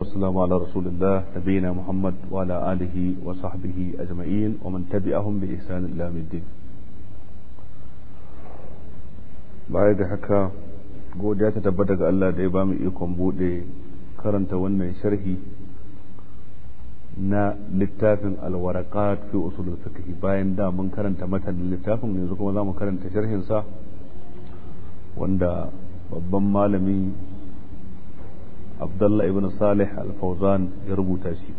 والسلام على رسول الله نبينا محمد وعلى آله وصحبه أجمعين ومن تبعهم بإحسان إلى يوم الدين baya da haka godiya ta tabbata ga Allah da ya ba mu ikon buɗe karanta wannan sharhi na littafin alwarakat fi usul fiqh bayan da mun karanta matan littafin yanzu kuma za mu karanta sharhinsa wanda babban malami abdullah ibn salih al-fawzan ya rubuta shi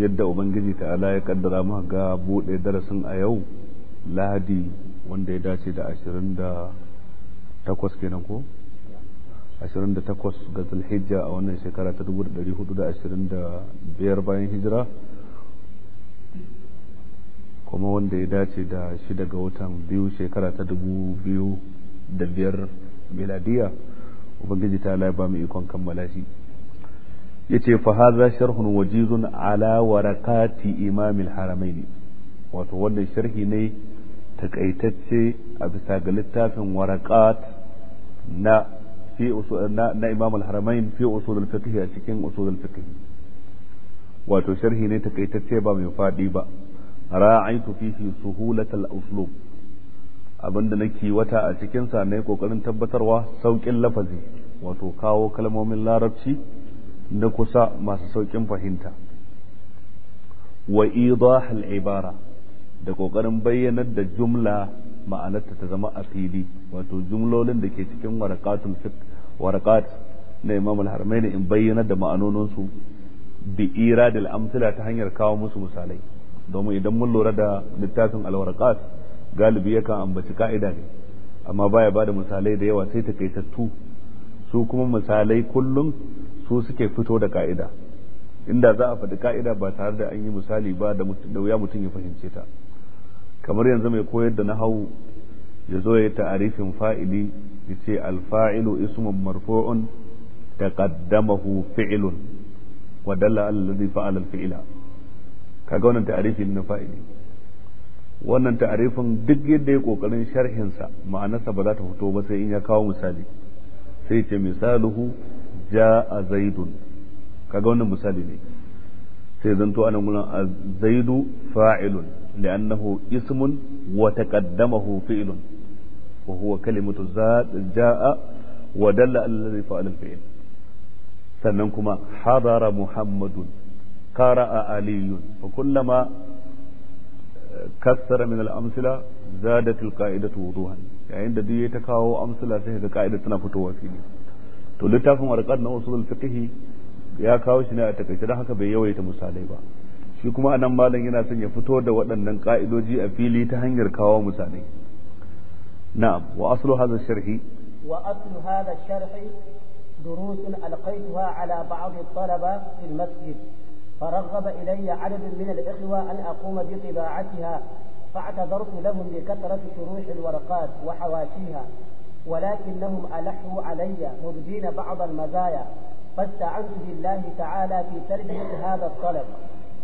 yadda ubangiji ta'ala ya kaddara mu ga bude darasin a yau lahadi wanda ya dace da 28 kenan ko 28 ga zulhijja a wannan shekara ta 1425 bayan hijira kuma wanda ya dace da shida ga watan biyu shekara ta 2005 miladiya ubangiji ta Allah ba mu ikon kammala shi yace fa hadha sharhun wajizun ala warakati imamil haramain wato wannan sharhi ne takaitacce a bisa ga littafin warakat na fi na, na imam al-haramain fi usul al-fiqh a cikin usul al-fiqh wato sharhi ne takaitacce ba mai fadi ba ra'aytu fihi suhulatal uslub abinda nake wata a cikin sa yi ƙoƙarin tabbatarwa sauƙin lafazi wato kawo kalmomin larabci na kusa masu sauƙin fahimta wa idahal ibara da ƙoƙarin bayyanar da jumla ma'anarta ta zama a fili wato jumlolin da ke cikin warakatul warakat na imam al-harmaini in bayyana da ma'anoninsu bi iradil amsila ta hanyar kawo musu misalai domin idan mun lura da littafin al-warakat galibi yakan ambaci ka'ida ne amma baya ba da misalai da yawa sai takaitattu su kuma misalai kullum su suke fito da ka'ida inda za a faɗi ka'ida ba tare da an yi misali ba da wuya mutum ya fahimce ta kamar yanzu mai koyar da nahawu ya zo ya yi ta'arifin fa'ili ya ce alfa'ilu ismun marfu'un taqaddamahu fi'ilun wa dalla alladhi fa'ala al-fi'la kaga wannan ta'arifi na fa'ili wannan ta'arifin duk yadda ya kokarin sharhinsa ma'anarsa ba za ta fito ba sai in ya kawo misali sai ce misaluhu ja'a zaidun kaga wannan misali ne sai zanto anan gurin zaidu fa'ilun li'annahu ismun wa taqaddamahu fi'lun wa huwa kalimatu ja'a wa dalla alladhi fa'ala fil sannan kuma hadara muhammadun qara'a aliyun fa kullama kassara min al-amsila zadatul qa'idatu wuduhan yayin da duk ya ta kawo amsila sai ga ka'ida tana fitowa fili to littafin warqat na usulul fiqh ya kawo shi ne a takaice dan haka bai yawaita misalai ba shi kuma anan malam yana son ya fito da waɗannan ka'idoji a fili ta hanyar kawo misalai na'am wa aslu hadha sharhi wa aslu hadha sharhi دروس ألقيتها على بعض الطلبة في المسجد فرغب إلي عدد من الإخوة أن أقوم بطباعتها فاعتذرت لهم لكثرة شروح الورقات وحواشيها ولكنهم ألحوا علي مبدين بعض المزايا فاستعنت بالله تعالى في تربية هذا الطلب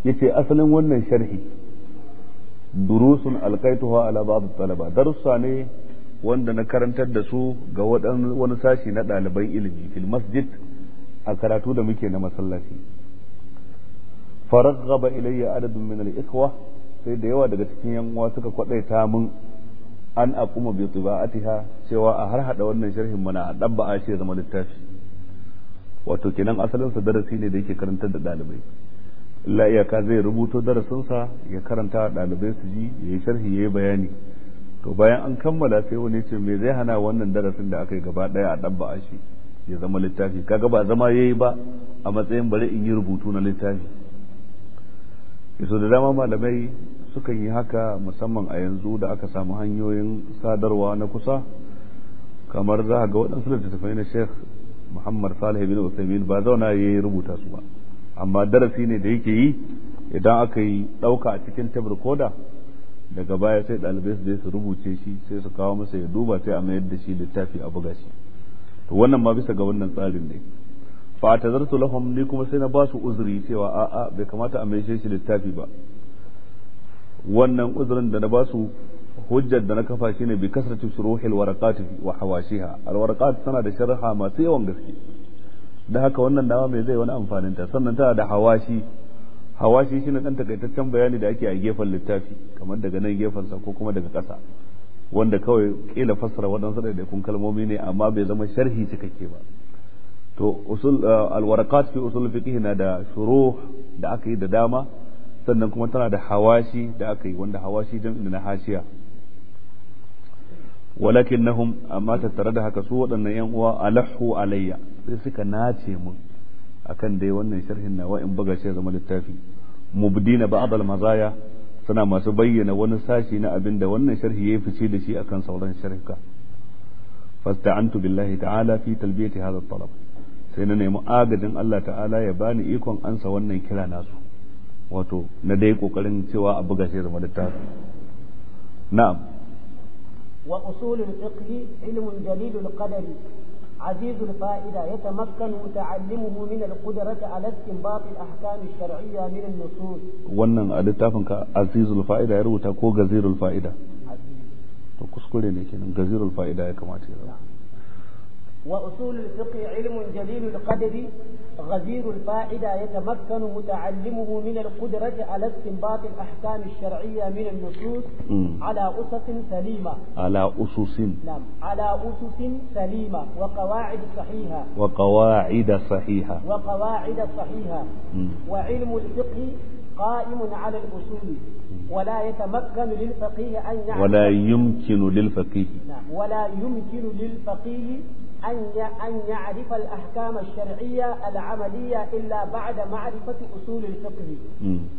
yace asalin wannan sharhi durusun alkaituha ala ba'd talaba darussa ne wanda na karantar da su ga wani sashi na ɗaliban ilimi fil masjid a karatu da muke na masallaci faraghaba ilayya adadin min al sai da yawa daga cikin yan uwa suka kwadaita mun an aquma bi tiba'atiha cewa a har hada wannan sharhin mana a dabba a ce zama littafi wato kenan asalin sa darasi ne da yake karantar da dalibai illa iyaka zai rubuto darasin sa ya karanta dalibai su ji yayi sharhi yayi bayani to bayan an kammala sai wani ce me zai hana wannan darasin da aka yi gaba daya a dabba a shi ya zama littafi kaga ba zama yayi ba a matsayin bari in yi rubutu na littafi yanzu da dama malamai sukan yi haka musamman a yanzu da aka samu hanyoyin sadarwa na kusa kamar za ga waɗansu littattafai na sheikh muhammad salih bin usaimin ba zauna ya yi rubuta su ba amma darasi ne da yake yi idan aka yi ɗauka a cikin tabar koda daga baya sai ɗalibai su je su rubuce shi sai su kawo masa ya duba sai a mayar da shi littafi a buga shi to wannan ma bisa ga wannan tsarin ne fa tazartu lahum ni kuma sai na basu su uzuri cewa a'a bai kamata a maishe shi littafi ba wannan uzurin da na ba su hujjar da na kafa shine bi kasratu shuruhil waraqat wa hawashiha warqat tana da sharha masu yawan gaske da haka wannan dama mai zai wani amfanin ta sannan tana da hawashi hawashi shine dan takaitaccen bayani da ake a gefen littafi kamar daga nan gefen sa ko kuma daga ƙasa wanda kawai kila fassara waɗansu ɗaiɗaikun kalmomi ne amma bai zama sharhi cikakke ba to usul uh, alwarakat fi usul fiqh na da shuruh da aka yi da dama sannan kuma tana da hawashi da aka yi wanda hawashi jam'in na hashiya walakinnahum amma tattare da haka su waɗannan yan uwa alahu alayya sai suka nace mun akan dai wannan sharhin nawa in buga shi zama littafi mubdina ba'd al-mazaya suna masu bayyana wani sashi na abin da wannan sharhi ya fice da shi akan sauran sharhika fasta'antu billahi ta'ala fi talbiyati hadha at-talab sai na nemi agajin Allah ta'ala ya bani ikon ansa wannan kira nasu wato na dai kokarin cewa a buga shi zama littafi na'am wa usulul fiqh ilmun jalilul qadari عزيز الفائدة يتمكن متعلمه من القدرة على استنباط الأحكام الشرعية من النصوص wannan a littafin ka azizul fa'ida ya rubuta ko gazirul fa'ida to kuskure ne kenan gazirul fa'ida ya kamata ya rubuta وأصول الفقه علم جليل القدر غزير الفائدة يتمكن متعلمه من القدرة على استنباط الأحكام الشرعية من النصوص على أسس سليمة على أسس نعم على أسس سليمة وقواعد صحيحة وقواعد صحيحة وقواعد صحيحة وعلم الفقه قائم على الأصول ولا يتمكن للفقيه أن يعلم ولا يمكن للفقيه نعم ولا يمكن للفقيه أن يعرف الأحكام الشرعية العملية إلا بعد معرفة أصول الفقه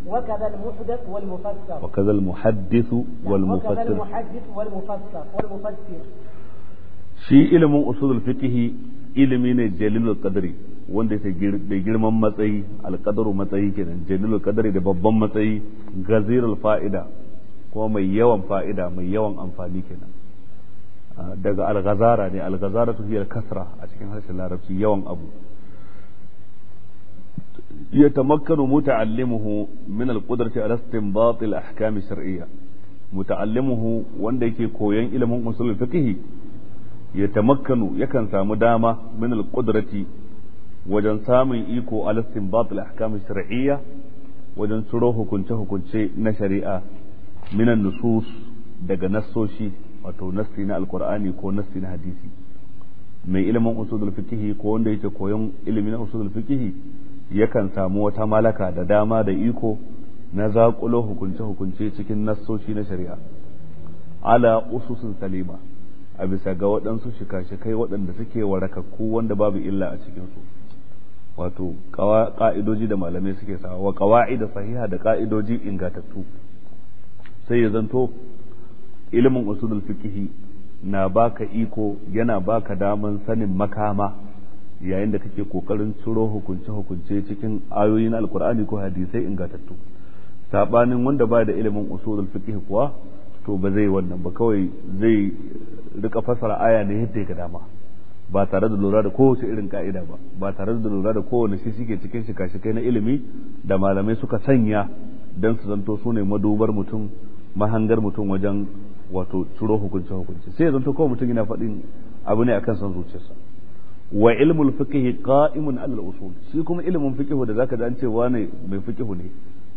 وكذا المحدث والمفسر وكذا المحدث والمفسر وكذا المحدث والمفسر والمفسر shi ilimin usulul fiqhi ilimi ne jalilul qadri wanda yake da girman matsayi alqadaru matsayi kenan jalilul qadri da babban matsayi gazirul fa'ida kuma mai yawan fa'ida mai yawan amfani kenan daga algazara ne algazara ta hiyar kasra a cikin harshen larabci yawan abu يتمكن متعلمه من القدرة على استنباط الأحكام الشرعية متعلمه wanda yake koyon ilimin usul fiqh ya tamakkanu yakan samu dama min alqudrati wajen samun iko ala istinbat alahkam shar'iyya wajen tsuro hukunce hukunce na shari'a mina nusus daga nassoshi wato nassi na alkur'ani ko nassi na hadisi mai ilimin usulul fiqh ko wanda yake koyon ilimin usulul fiqh yakan samu wata malaka da dama da iko na zakulo hukunce-hukunce cikin nassoshi na shari'a ala ususun salima a bisa ga waɗansu shika kai waɗanda suke warakakku wanda babu illa a cikinsu wato ƙa'idoji da malamai suke sawa wa ƙawa'i da sahiha da ƙa'idoji ingatattu sai ya zanto ilimin usulul fiqhi na baka iko yana baka daman sanin makama yayin da kake kokarin ciro hukunce hukunce cikin ayoyin alkur'ani ko hadisai ingantattu sabanin wanda ba da ilimin usulul fiqhi kuwa to ba zai wannan ba kawai zai rika fasara aya ne yadda ga dama ba tare da lura da kowace irin ka'ida ba ba tare da lura da kowane shi shike cikin shika-shikai na ilimi da malamai suka sanya don su zanto su ne madubar mutum mahangar mutum wajen wato ciro hukunce hukunce sai zan zanto kawai mutum yana faɗin abu ne akan san zuciyarsa wa ilmul fiqh qa'imun ala usul shi kuma ilmin fiqh da zaka ji an ce wane mai fiqh ne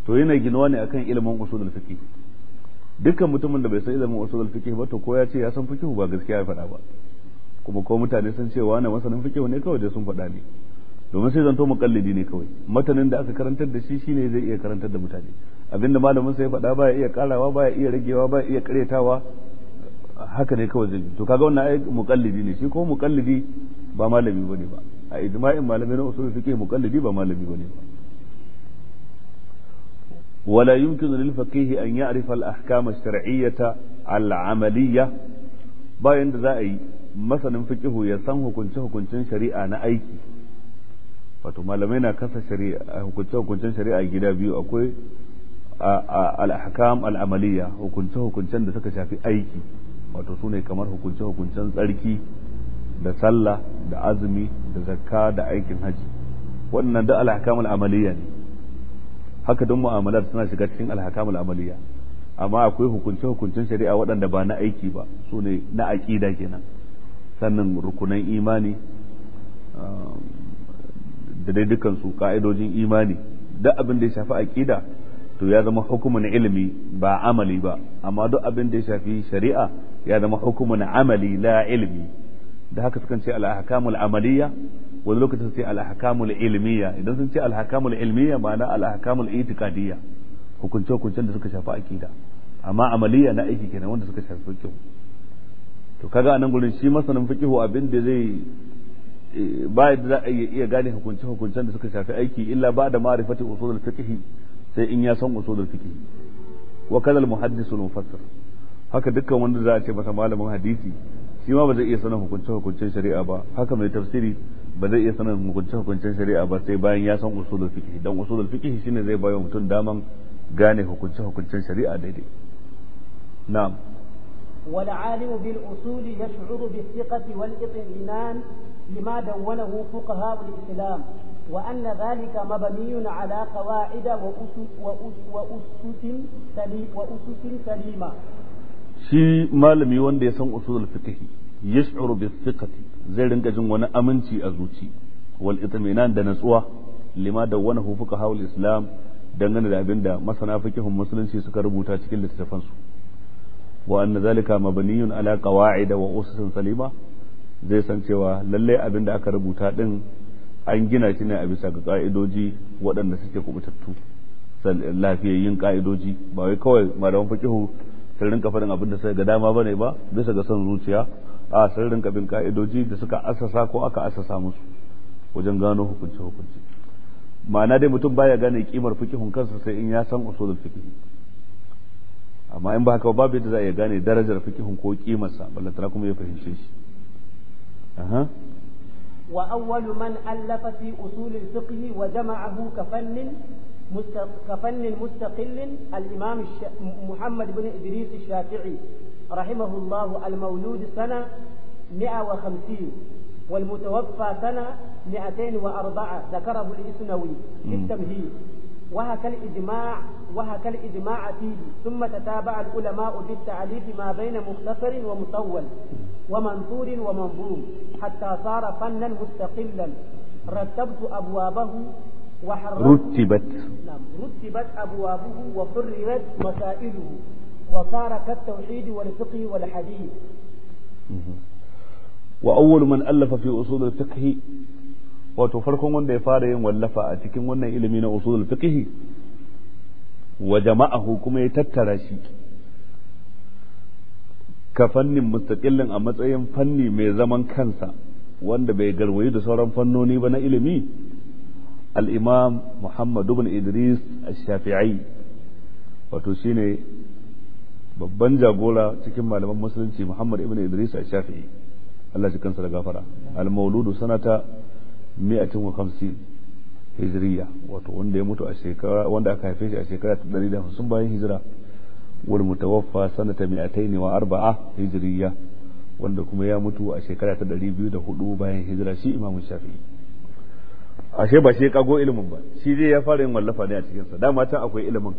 to yana ginuwa ne akan ilmin usulul fiqh dukkan mutumin da bai san ilimin usulul fiqh ba to ko ya ce ya san fiqh ba gaskiya ya faɗa ba kuma ko mutane sun ce wane masanin fiqh ne kawai da sun faɗa ne domin sai zanto muqallidi ne kawai matanin da aka karantar da shi shine zai iya karantar da mutane abinda malamin sai faɗa ba ya iya karawa ya iya ragewa ba ya iya karetawa haka ne kawai zai to kaga wannan ai muqallidi ne shi ko muqallidi ba malami bane ba a ijma'in malamai na usul fiqh muqallidi ba malami bane ba wala ولا يمكن للفقيه أن يعرف الأحكام الشرعية العملية باين ذا أي مثلا ya san hukunce hukuncin shari'a na aiki wato malamai na kasa shari'a hukunce hukuncin shari'a gida biyu akwai al-ahkam hukunce hukuncen da suka shafi aiki wato sune kamar hukunce hukuncen tsarki da sallah da azumi da zakka da aikin haji wannan da al ne haka don mu'amalar suna shiga cikin al-ahkam amma akwai hukunce hukuncen shari'a waɗanda ba na aiki ba sune na aqida kenan sannan rukunan imani um, da dai dukansu ka'idojin imani duk abin da ya shafi aqida to ya zama hukumun ilimi ba amali ba amma duk abin da ya shafi shari'a ya zama hukumun amali la ilimi da haka sukan ce al-ahkamul amaliyya wani lokacin sai al-ahkamul ilmiyya idan sun ce al-ahkamul ilmiyya ma'ana al-ahkamul itiqadiyya hukunce hukuncen da suka shafi akida amma amaliyya na aiki kenan wanda suka shafi fiqh to kaga anan gurin shi masanin fiqh abin da zai eh, ba yadda za a iya gane hukunce hukuncen da suka shafi aiki illa ba da ma'rifati usulul fiqh sai in ya san usulul fiqh wa kala al muhaddisul mufassir haka dukkan wanda za a ce masa malamin hadisi shi ma ba zai iya sanin hukuncin hukuncin shari'a ba haka mai tafsiri ba zai iya sanin hukuncin hukuncin shari'a ba sai bayan ya san usulul fiqh dan usulul fiqh shine zai bayar mutum daman gane hukuncin hukuncin shari'a daidai na'am والعالم بالأصول يشعر بالثقة والإطمئنان لما دونه فقهاء الإسلام وأن ذلك مبني على قواعد وأسس سليمة shi malami wanda ya san usulul fiqhi yash'uru bi thiqati zai rinka jin wani aminci a zuci wal itminan da natsuwa lima da wani hufuka hawul islam dangane da abin da masana fiqhun musulunci suka rubuta cikin littattafan su wa anna zalika mabniyun ala qawaid wa ususin salima zai san cewa lalle abin da aka rubuta din an gina shi ne a bisa ga ka'idoji waɗanda suke kubutattu lafiyayyun ka'idoji ba wai kawai malaman fiqihu sun rinka faɗin abin da sai ga dama ba ne ba bisa ga son zuciya a sun rinka ka'idoji da suka asasa ko aka asasa musu wajen gano hukunce hukunce ma'ana dai mutum baya gane kimar fikihun kansa sai in ya san usulul fiqh amma in ba haka babu yadda za a iya gane darajar fikihun ko kimarsa ballantana kuma ya fahimce shi وأول من ألف في أصول الفقه وجمعه كفن كفن مستقل الإمام محمد بن إدريس الشافعي رحمه الله المولود سنة 150 والمتوفى سنة 204 ذكره الإسنوي في التمهيد وهك الإجماع وهك الإجماع فيه ثم تتابع العلماء في التعريف ما بين مختصر ومطول ومنثور ومنظوم حتى صار فنا مستقلا رتبت أبوابه رتبت نعم رتبت أبوابه وحررت مسائله وصار كالتوحيد والفقه والحديث وأول من ألف في أصول الفقه wato farkon wanda ya fara yin wallafa a cikin wannan ilimi na usulul fiqh wa jama'ahu kuma ya tattara shi ka fannin mustaqillin a matsayin fanni mai zaman kansa wanda bai garwayi da sauran fannoni ba na ilimi al-imam Muhammad ibn Idris al-Shafi'i wato shine babban jagora cikin malaman musulunci Muhammad ibn Idris al-Shafi'i Allah shi kansa da gafara al-mauludu sanata 150 hijriya wato wanda ya mutu a shekara wanda aka haife shi a shekara ta 150 bayan hijira wal mutawaffa sanata 200 arba'a hijriya wanda kuma ya mutu a shekara ta 204 bayan hijira shi imamu shafi'i ashe ba shi ya kago ilimin ba shi dai ya fara yin wallafa ne a cikin sa dama ta akwai ilimin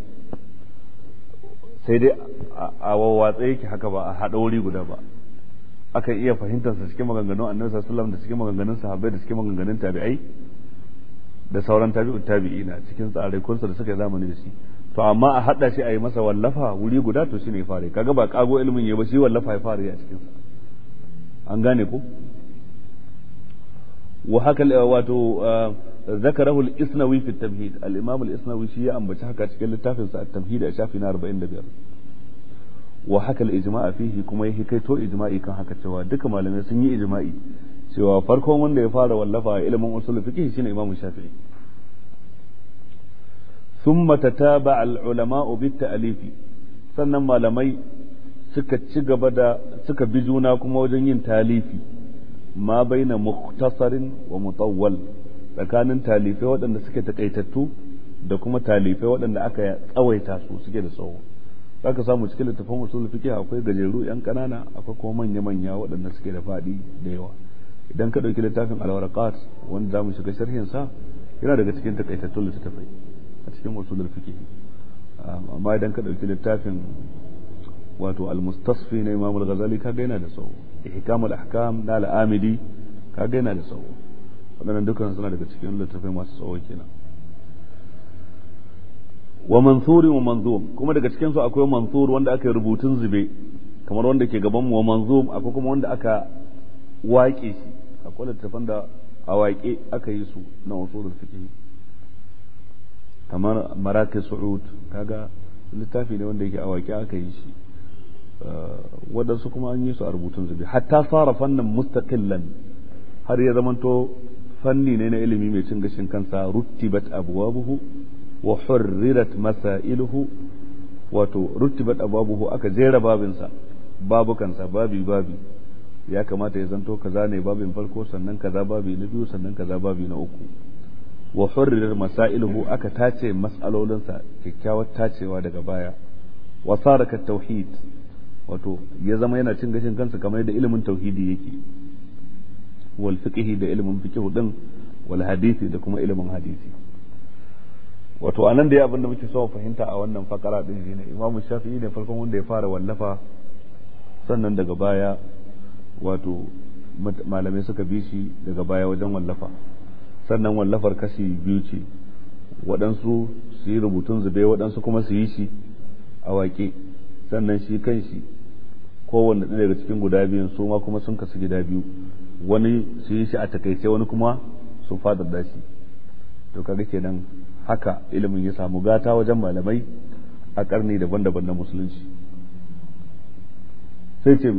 sai dai a wawatsa yake haka ba a haɗa wuri guda ba akan iya fahimtar su cikin maganganun annabi sallallahu alaihi wasallam da cikin maganganun sahabbai da cikin maganganun tabi'ai da sauran tabi'u tabi'ina cikin tsare kunsa da suka yi zamani da shi to amma a hada shi a yi masa wallafa wuri guda to shine ya fare kaga ba kago ilimin ya ba shi wallafa ya fare a cikin an gane ko wa haka wato isnawi isnawi shi ya ambaci haka cikin شيء أم بشحكة كل التافز التمهيد أشافي 45 wa hakal ijma'a fihi kuma yake kai to ijma'i kan haka cewa duka malamai sun yi ijma'i cewa farkon wanda ya fara wallafa ilimin usul fiqh shine Imam Shafi'i thumma tataba al ulama bit ta'lif sannan malamai suka ci gaba da suka bi juna kuma wajen yin talifi ma baina mukhtasarin wa mutawwal tsakanin talifai waɗanda suke takaitattu da kuma talifai waɗanda aka tsawaita su suke da tsawo ka samu cikin littafin usul fiqh akwai gajeru yan kanana akwai kuma manya manya waɗanda suke da faɗi da yawa idan ka ɗauki littafin al-warqat wanda zamu shiga sharhin sa yana daga cikin takaitattun littafai a cikin usul fiqh amma idan ka ɗauki littafin wato al-mustasfi na Imam al-Ghazali kaga yana da sau ihkam al-ahkam na al-Amidi kaga yana da sau waɗannan dukkan suna daga cikin littafai masu tsawo kenan wa mansuri wa manzum kuma daga cikin su akwai mansur wanda aka yi rubutun zube kamar wanda ke gaban mu wa manzum akwai kuma wanda aka waƙe shi akwai littafan da a waƙe aka yi su na usulul fiqh kamar marakis su'ud kaga littafi ne wanda yake a waƙe aka yi shi eh, waɗansu kuma an yi su a rubutun zube hatta fara fannin mustaqillan har ya zamanto fanni ne na ilimi mai cin gashin kansa ruttibat abwabuhu wa hurrirat masailuhu wato rutibat ababuhu aka jera babinsa babukansa babi babi ya kamata ya zanto kaza ne babin farko sannan kaza babi na biyu sannan kaza babi na uku wa masa masailuhu aka tace mas'alolinsa kyakkyawar tacewa daga baya wa saraka tauhid wato ya zama yana cin gashin kansa kamar da ilimin tauhidi yake wal fiqhi da ilimin fikihu din wal hadisi da kuma ilimin hadisi wato anan da ya abin da muke so fahimta a wannan fakara din shine imamu shafi'i ne farkon wanda ya fara wallafa sannan daga baya wato malamai suka bi shi daga baya wajen wallafa sannan wallafar kashi biyu ce waɗansu su yi rubutun zube waɗansu kuma su yi shi a waƙe sannan shi kan shi kowanne ɗaya daga cikin guda biyun su ma kuma sun kasu gida biyu wani su yi shi a takaice wani kuma su fadar da shi to kaga kenan haka ilimin ya samu gata wajen malamai a ƙarni daban-daban na musulunci sai ce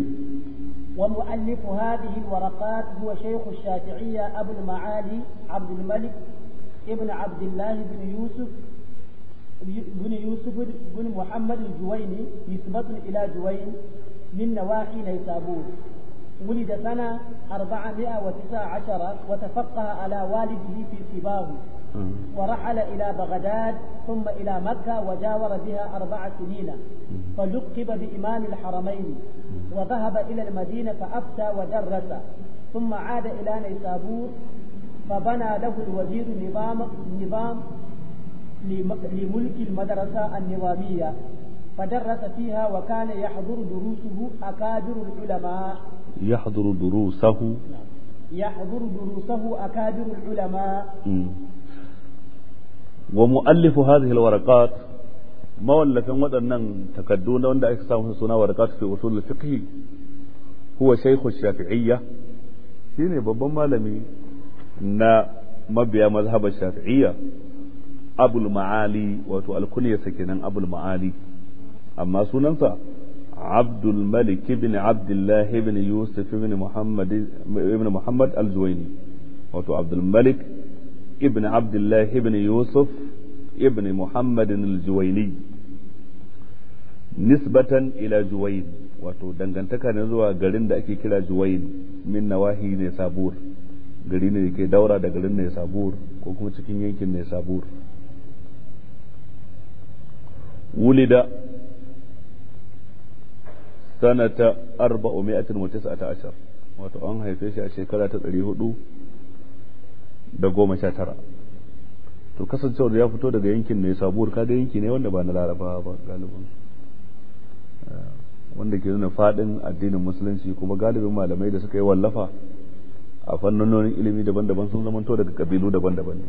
wamu'allifu hadihi warakat huwa shaikhu shafi'iyya abul ma'ali abdul malik ibn abdullah ibn yusuf ibn yusuf ibn muhammad al-juwayni nisbatun ila juwayn min nawahi naysabur ولد سنة أربعمائة وتسعة عشر وتفقه على والده في سباهو ورحل إلى بغداد ثم إلى مكة وجاور بها أربع سنين فلقب بإمام الحرمين وذهب إلى المدينة فأفتى ودرس ثم عاد إلى نيسابور فبنى له الوزير نظام نظام لملك المدرسة النظامية فدرس فيها وكان يحضر دروسه أكابر العلماء يحضر دروسه نعم. يحضر دروسه أكابر العلماء wa mu'allifu hadhihi alwaraqat mawallafin waɗannan takaddu na wanda aka samu suna warqat fi usul al huwa shaykh ash-shafi'iyya shine babban malami na mabiya mazhabar shafi'iyya abul ma'ali wato alkunyarsa kenan abul ma'ali amma sunansa abdul malik ibn abdullah ibn yusuf ibn muhammad ibn muhammad al-zuwaini wato abdul malik ابن عبد الله ابن يوسف ابن محمد الجويني نسبة إلى جوين wato dangantaka ne zuwa garin da ake kira juwain min nawahi ne sabur gari ne ke daura da garin ne sabur ko kuma cikin yankin ne sabur wulida sanata 419 wato an haife shi a shekara ta 400 da goma sha tara to kasancewar ya fito daga yankin ne sabuwar kaga yanki ne wanda ba na laraba ba galibin eh, wanda ke nuna fadin addinin musulunci kuma galibin malamai da suka yi wallafa a fannonin ilimi daban-daban sun zamanto daga kabilu daban-daban ne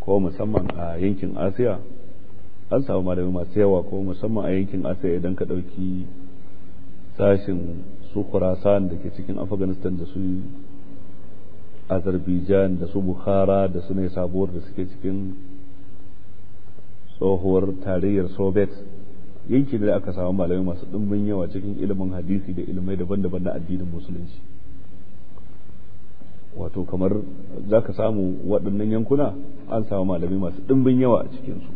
ko musamman a yankin asiya an samu malamai masu yawa ko musamman a yankin asiya idan ka ɗauki sashin su khurasan da ke cikin afghanistan da su azerbaijan da su bukhara da su ne sabuwar da suke cikin tsohuwar tarayyar soviet yankin da aka samu malamai masu ɗumbin yawa cikin ilimin hadisi da ilimai daban-daban na addinin musulunci wato kamar za ka samu waɗannan yankuna an samu malamai masu ɗumbin yawa a cikinsu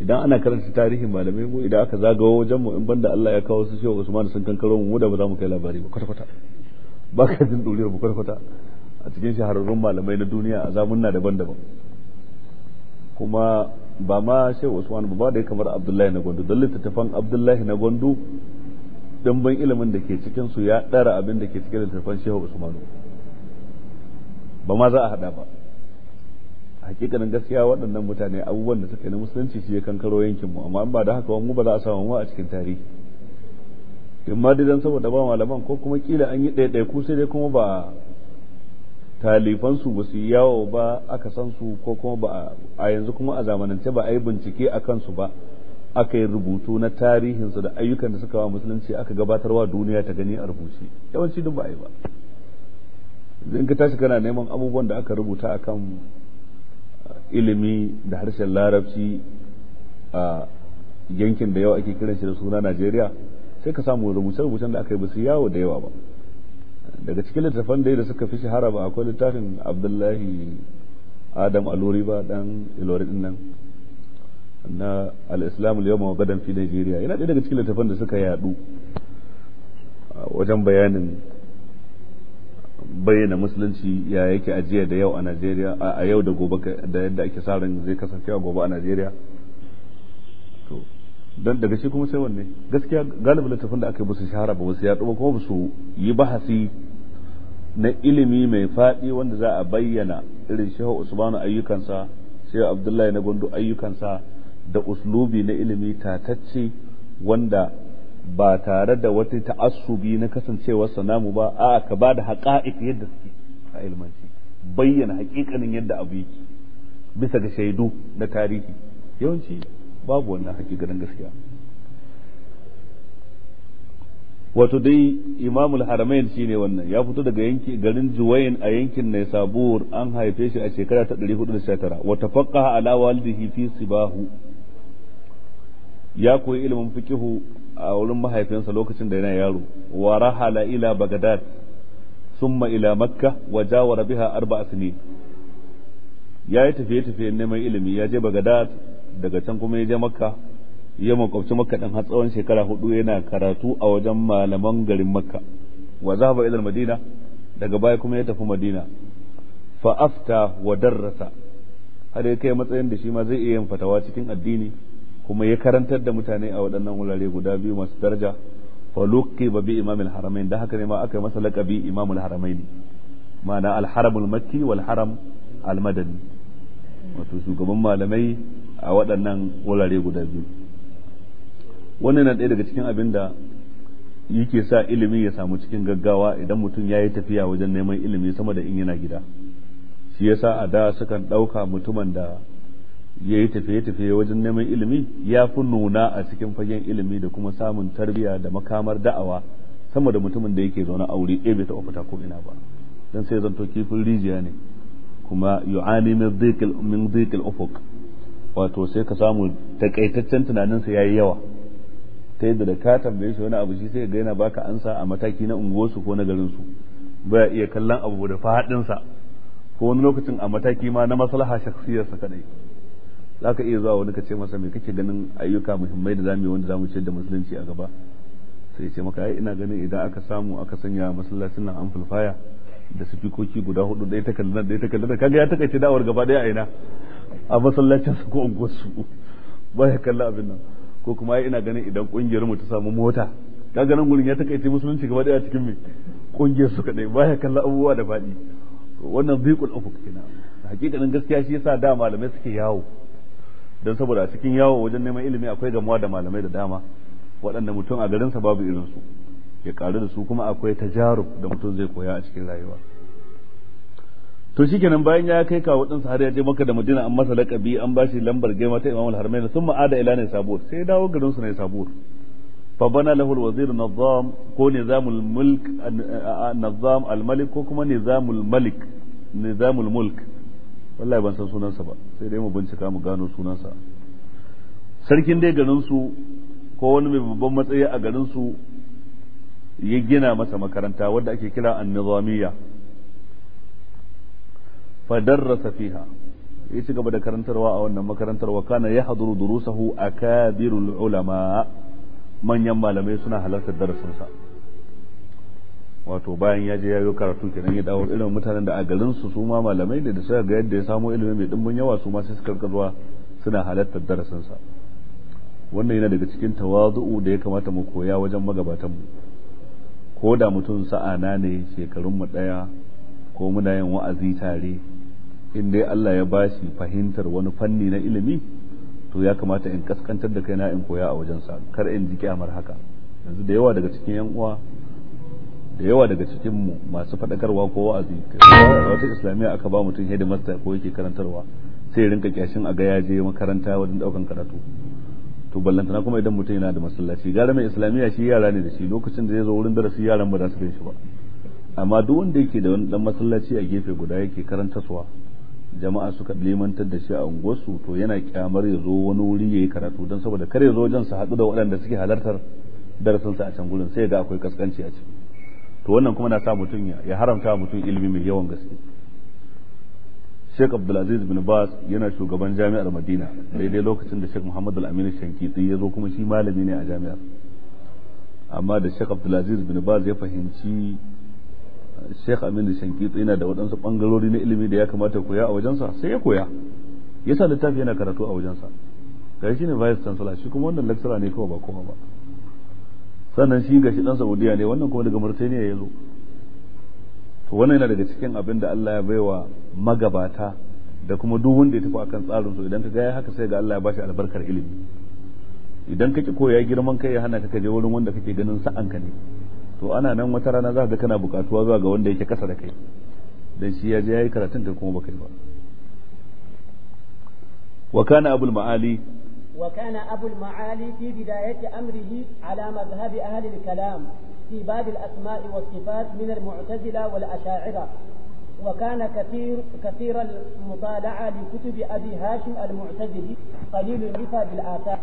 idan ana karanta tarihin malamai mu idan aka zagawo wajenmu in banda Allah ya kawo su cewa Usman sun kankaro mu da ba za mu kai labari ba kwata-kwata ba ka jin ɗuriyar mu a cikin shahararrun malamai na duniya a zamunna daban-daban kuma ba ma shi usman ba da kamar abdullahi na gwandu don littattafan abdullahi na gwandu ɗimbin ilimin da ke cikin su ya ɗara abin da ke cikin littattafan shehu usmanu ba ma za a haɗa ba hakikanin gaskiya waɗannan mutane abubuwan da suka yi na musulunci shi ya kankaro yankinmu amma ba da haka mu ba za a samu a cikin tarihi in dai dan saboda ba malaman ko kuma kila an yi ku sai dai kuma ba talifansu ba su yawo ba aka san su ko kuma ba a yanzu kuma a zamanance ba a yi bincike a kansu ba aka yi rubutu na tarihinsu da ayyukan da suka wa musulunci aka gabatarwa duniya ta gani a rubuce yawanci duk ba a ba in ka tashi kana neman abubuwan da aka rubuta akan uh, ilimi da harshen larabci a uh, yankin da yau ake kiran shi da suna najeriya sai ka samu rubuce-rubucen da aka yi basu yawo da yawa ba daga cikin littattafan da da suka fi shahara ba akwai littafin abdullahi adam alori ba dan ilori din nan na al-islam al-yawma wa fi najeriya yana ɗaya daga cikin littattafan da suka yadu wajen bayanin bayyana musulunci ya yake ajiya da yau a nigeria a yau da gobe da yadda ake sa ran zai kasancewa gobe a nigeria. don daga shi kuma sai wanne gaskiya galibin littafin da aka yi musu shahara ba wasu ya ba kuma su yi bahasi na ilimi mai faɗi wanda za a bayyana irin shehu usmanu ayyukansa sai abdullahi na gondo ayyukansa da uslubi na ilimi tatacce wanda ba tare da wata ta'assubi na kasancewar namu ba a ka ba da haƙa'iq yadda suke a bayyana haƙiƙanin yadda abu yake bisa ga shaidu na tarihi yawanci babu wannan hakikanin gaskiya wato dai imamul haramain shine wannan ya fito daga yanki garin juwayin a yankin sabuwar an haife shi a shekara ta 419 wata tafaqaha ala walidihi fi sibahu ya koyi ilimin fikihu a wurin mahaifinsa lokacin da yana yaro wa rahala ila bagdad summa ila makka wa jawara biha arba'a sinin ya yi tafiye-tafiye neman ilimi ya je bagdad daga can kuma ya je makka ya makwabci makka ɗin har tsawon shekara hudu yana karatu a wajen malaman garin makka wa zahaba ila madina daga baya kuma ya tafi madina fa afta wa darrasa har ya kai matsayin da shi ma zai iya yin fatawa cikin addini kuma ya karantar da mutane a waɗannan wurare guda biyu masu daraja fa luqiba bi imamil haramain da haka ne ma aka yi masa laqabi imamul haramain ma'ana al haramul makki wal haram al madani wato shugaban malamai a waɗannan wurare guda biyu wannan na ɗaya daga cikin abin da yake sa ilimi ya samu cikin gaggawa idan mutum ya yi tafiya wajen neman ilimi sama da in yana gida shi yasa a da sukan ɗauka mutumin da ya yi tafiye-tafiye wajen neman ilimi ya fi nuna a cikin fagen ilimi da kuma samun tarbiyya da makamar da'awa sama da mutumin da yake zaune a wuri bai taɓa fita ko ina ba don sai zanto kifin rijiya ne kuma yu'ani min dhikil min wato sai ka samu takaitaccen tunaninsa ya yi yawa ta yadda da ka tambaye shi wani abu shi sai ga yana baka ansa a mataki na unguwarsu ko na garinsu baya iya kallon abu da faɗinsa ko wani lokacin a mataki ma na maslaha shakhsiyarsa kadai za ka iya zuwa wani ka ce masa me kake ganin ayyuka muhimmai da zamu yi wanda zamu ciyar da musulunci a gaba sai ce maka ai ina ganin idan aka samu aka sanya masallacin nan an fulfaya da sifikoki guda hudu ɗaya ta kallon ɗaya ta kallon kaga ya takaice da'awar gaba ɗaya a ina a masallacin su ko unguwarsu ba ya kalla abin nan ko kuma ina ganin idan kungiyar mu ta samu mota ka ganin gurin ya takaice musulunci gaba daya cikin mai kungiyar su kadai ba ya kalla abubuwa da fadi wannan biqul ufuq kenan hakikanin gaskiya shi yasa da malamai suke yawo don saboda a cikin yawo wajen neman ilimi akwai gamuwa da malamai da dama waɗanda mutum a garin garinsa babu su ya karu da su kuma akwai tajarub da mutum zai koya a cikin rayuwa to shi kenan bayan ya kai kawo din har ya je maka da Madina an masa lakabi an bashi lambar gaima ta Imam al-Harmain sun ma'ada ila ne sabur sai dawo garin su ne sabur fa bana lahu al-wazir nizam ko nizamul mulk nizam al-malik ko kuma nizamul malik nizamul mulk wallahi ban san sunansa ba sai dai mu bincika mu gano sunansa sarkin dai garin ko wani mai babban matsayi a garinsu ya gina masa makaranta wadda ake kira an-nizamiyya fadarrasa fiha ya ci gaba da karantarwa a wannan makarantar wa kana ya haduru a akabirul ulama manyan malamai suna halartar darasinsa wato bayan ya je ya yi karatu kenan ya dawo irin mutanen da a garin su su ma malamai da suka ga yadda ya samo ilimi mai dimbin yawa su ma sai suka karkarwa suna halartar darasinsa wannan yana daga cikin tawazu'u da ya kamata mu koya wajen magabatanmu ko da mutum sa'ana ne mu ɗaya ko muna yin wa'azi tare in dai Allah ya bashi fahimtar wani fanni na ilimi to ya kamata in kaskantar da kaina in koya a wajen sa kar in ji kyamar haka yanzu da yawa daga cikin yan uwa da yawa daga cikin mu masu fadakarwa ko wa'azi wata islamiyya aka ba mutum headmaster ko yake karantarwa sai rinka kyashin a ga ya je makaranta wajen daukan karatu to ballantana kuma idan mutum yana da masallaci gara mai islamiyya shi yara ne da shi lokacin da ya zo wurin darasi yaran ba za su gan shi ba amma duk wanda yake da wani dan masallaci a gefe guda yake karanta suwa jama'a suka limantar da shi a unguwarsu to yana kyamar ya zo wani wuri ya yi karatu don saboda kar ya zo wajen su haɗu da waɗanda suke halartar darasinsa a can gudun sai ga akwai kaskanci a ciki to wannan kuma na sa mutum ya haramta mutum ilimi mai yawan gaske Sheikh Abdulaziz bin Bas yana shugaban jami'ar Madina daidai lokacin da Sheikh Muhammad Al-Amin Shankiti ya zo kuma shi malami ne a jami'ar amma da Sheikh Abdulaziz bin Bas ya fahimci Sheikh Aminu Shankitsi yana da waɗansu bangarori na ilimi da ya kamata koya a wajensa sai ya koya yasa littafi yana karatu a wajensa ga shi ne vice chancellor shi kuma wannan lecturer ne kawai ba kowa ba sannan shi ga shi dan Saudiya ne wannan kuma daga Mauritania ya zo to wannan yana daga cikin abin da Allah ya baiwa magabata da kuma duk wanda ya tafi akan tsarin su idan ka ga haka sai ga Allah ya bashi albarkar ilimi idan ka ki koya girman kai ya hana ka je wurin wanda kake ganin sa'anka ne to ana nan wata rana za ka kana bukatuwa zuwa ga wanda yake kasa da kai dan shi ya je yayi karatun kai kuma baka yi ba wa kana abul ma'ali وكان أبو المعالي في بداية أمره على مذهب أهل الكلام في باب الأسماء والصفات من المعتزلة والأشاعرة وكان كثير كثير المطالعة لكتب أبي هاشم المعتزلي قليل الرفا بالآثار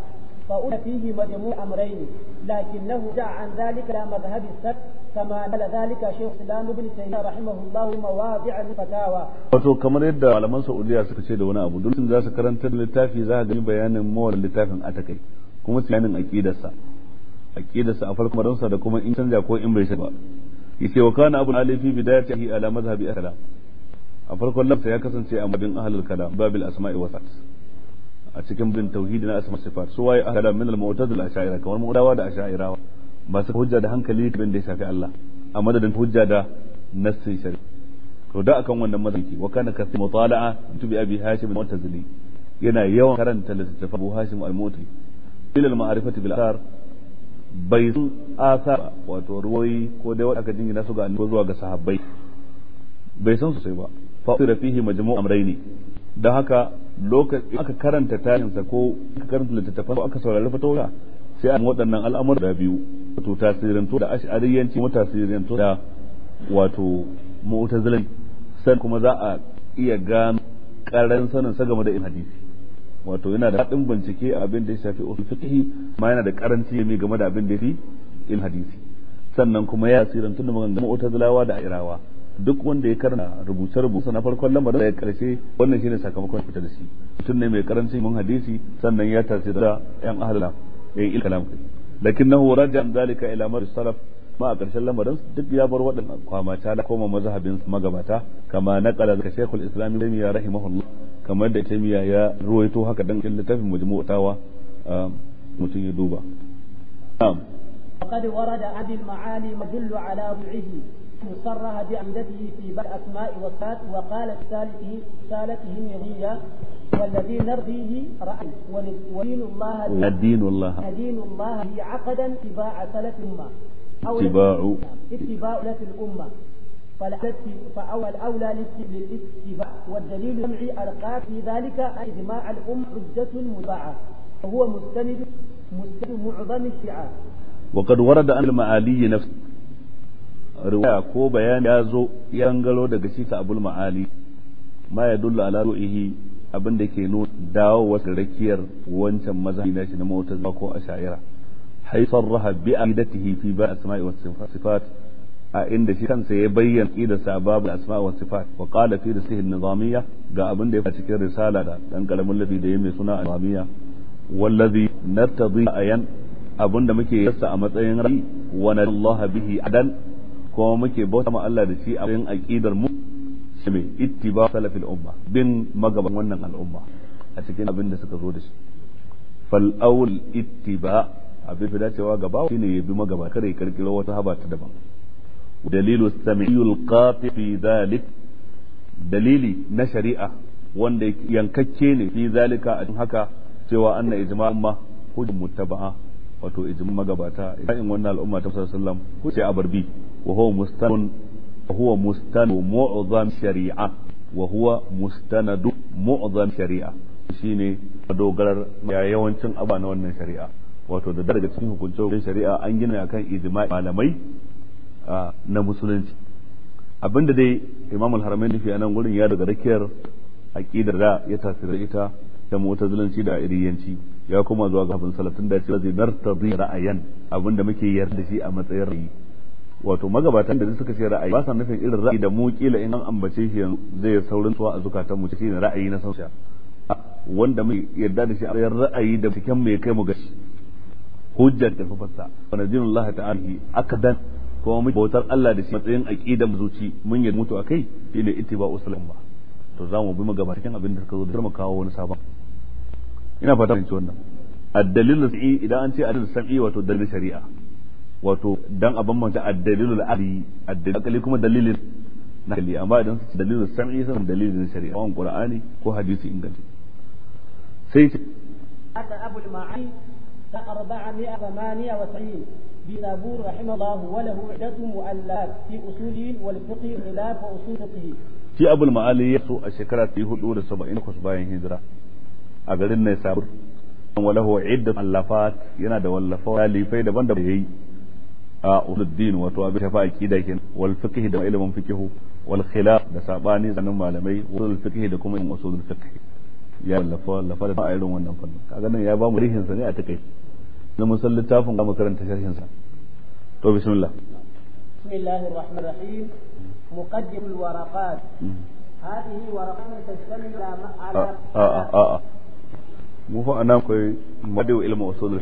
فأولى فيه مجموع أمرين لكنه جاء عن ذلك إلى مذهب السبت كما نال ذلك شيخ الإسلام ابن تيمية رحمه الله مواضع من فتاوى wato kamar yadda malaman Saudiya suka ce da wani abu duk za su karanta littafi za ka gani bayanin mawal littafin atakai kuma bayanin aqidarsa aqidarsa a farkon madarsa da kuma in canja ko in bai ba yace wa kana abun alifi bidayatihi ala mazhabi ahla a farkon lafsa ya kasance a madin ahlul kalam babil asma'i wa a cikin bin tauhidi na asma sifat su waye ahada min al-mu'tazila ash'ira kamar mu'tawa da ash'irawa ba su hujja da hankali bin da ya shafi Allah a madadin hujja da nassin shari'a to da akan wannan mazaki wa kana kasi mutala'a tubi abi hashim al-mu'tazili yana yawan karanta littattafan abu hashim al-mu'tazili ila al-ma'rifati bil asar bai sun asar wato ruwayi ko dai wanda aka jingina su ga annabi zuwa ga sahabbai bai san su sai ba fa fihi majmu'u amrayni dan haka lokacin aka karanta tarihinsa ko aka karanta littattafan ko aka saurari fatora sai a waɗannan al'amur da biyu wato tasirin to da ash'ariyanci tasirin to da wato mu'tazilanci san kuma za a iya gano karan sanin sa game da in hadisi wato yana da haɗin bincike a abin da ya shafi usul fiqh ma yana da karanci ne game da abin da ya fi in hadisi sannan kuma ya tasirantu da maganganun mu'tazilawa da irawa duk wanda ya karanta rubuce rubuce na farkon lamarin da ya karshe wannan shine sakamakon fitar da shi mutum ne mai karancin mun hadisi sannan ya tasiri da yan ahla ya yi kalam kai lakinnahu raja'a zalika ila mar salaf ma a karshen lamarin duk ya bar waɗannan kwamata da koma mazhabin magabata kama naqala daga Sheikhul Islam Ibn Taymiyyah rahimahullah kamar da Taymiyyah ya ruwaito haka dan cikin littafin Majmu'u Tawa um, mutum ya duba na'am ورد عن المعالي مدل على ضعفه صرها بأمدته في بعض الأسماء والصفات وقال في سالته سالته النبية والذي نرضيه رأي ودين الله الدين الله الدين الله هي عقدا اتباع سلف الأمة اتباع اتباع سلف الأمة فأول أولى للاتباع والدليل الجمعي ألقى في ذلك إجماع الأمة حجة مباعة وهو مستند مستند معظم الشيعة وقد ورد أن المعالي نفسه riwaya ko bayani ya zo ya gangaro daga shi ta abul ma'ali ma ya dulla ala ru'ihi abin da ke nuna dawo wata rakiyar wancan mazhabi na shi na mu'tazila ko asha'ira hay sarraha bi aqidatihi fi ba asma'i was sifat a inda shi kansa ya bayyana ida sababu asma'i was sifat wa qala fi sihin nizamiyya ga abin da ya cikin risala da dan kalamin lafi da ya mai suna nizamiyya wallazi nartadi ayan abin da muke yasa a matsayin rai wa nallaha bihi adan kuma muke bauta ma Allah da shi a cikin aqidar mu shine ittiba salafil umma bin magaban wannan al'umma a cikin abin da suka zo da shi fal awl ittiba abin da cewa gaba shine ya bi magaba kare ya kirkiro wata haba ta daban dalilu samiyul qati fi zalik dalili na shari'a wanda yankakke ne fi zalika a haka cewa anna ijma'un ma hujjatun muttaba'a wato ijma' magabata in wannan al'umma ta sallallahu alaihi wasallam hujja abarbi وهو مستند وهو مستند معظم شريعة وهو مستند معظم شريعة shine Ya yawancin abubuwa na wannan shari'a wato da daga cikin hukuncin shari'a an gina akan ijma'i malamai na musulunci abinda dai imam al-haramain nufi a nan gurin ya daga rakiyar aqidar da ya tasiri ita ta mu'tazilanci da iriyanci ya kuma zuwa ga abin salatin da ya ce zai nartazi ra'ayan abinda muke yarda shi a matsayin ra'ayi wato magabatan da suka ce ra'ayi ba sa nufin irin ra'ayi da mu kila in an ambace shi zai saurin tsuwa a zukatan mu cikin ra'ayi na sauya wanda mai yarda da shi a ra'ayi da cikin mai kai mu gashi hujja da fafarsa wa Allah ta'ala dan kuma mu bautar Allah da shi matsayin mu zuci mun yi mutu akai ila ittiba usulun ba to za mu bi magabatan abin da suka zo da mu kawo wani sabon ina fata mun ci wannan addalil sa'i idan an ce addalil sa'i wato dalil shari'a wato dan a bambanta addalilul aqli addalilul kuma dalilin nakali amma idan su dalilin sam'i sun dalilin shari'a wan qur'ani ko hadisi inganci sai ce hada abul ma'ani ta 498 بنابور رحمه الله وله عدة مؤلفات في أصول abu خلاف أصول فقه في أبو المعالي يسوء الشكرة في هدوء السبعين كسبعين هجرة أقل النسابر وله عدة مؤلفات ينادى واللفات لفايدة بند بهي a uluddin wato abin shafa aqida kenan wal fiqh da ilimin fiqh wal khilaf da sabani zanin malamai wal fiqh da kuma usulul fiqh ya lafa lafa da irin wannan fannin kaga nan ya ba mu rihin sa ne a takai na musal littafin ga makaranta sharhin sa to bismillah bismillahir rahmanir rahim muqaddim al waraqat هذه ورقة تشتمل a a. آه آه آه مو فأنا كوي مدو علم أصول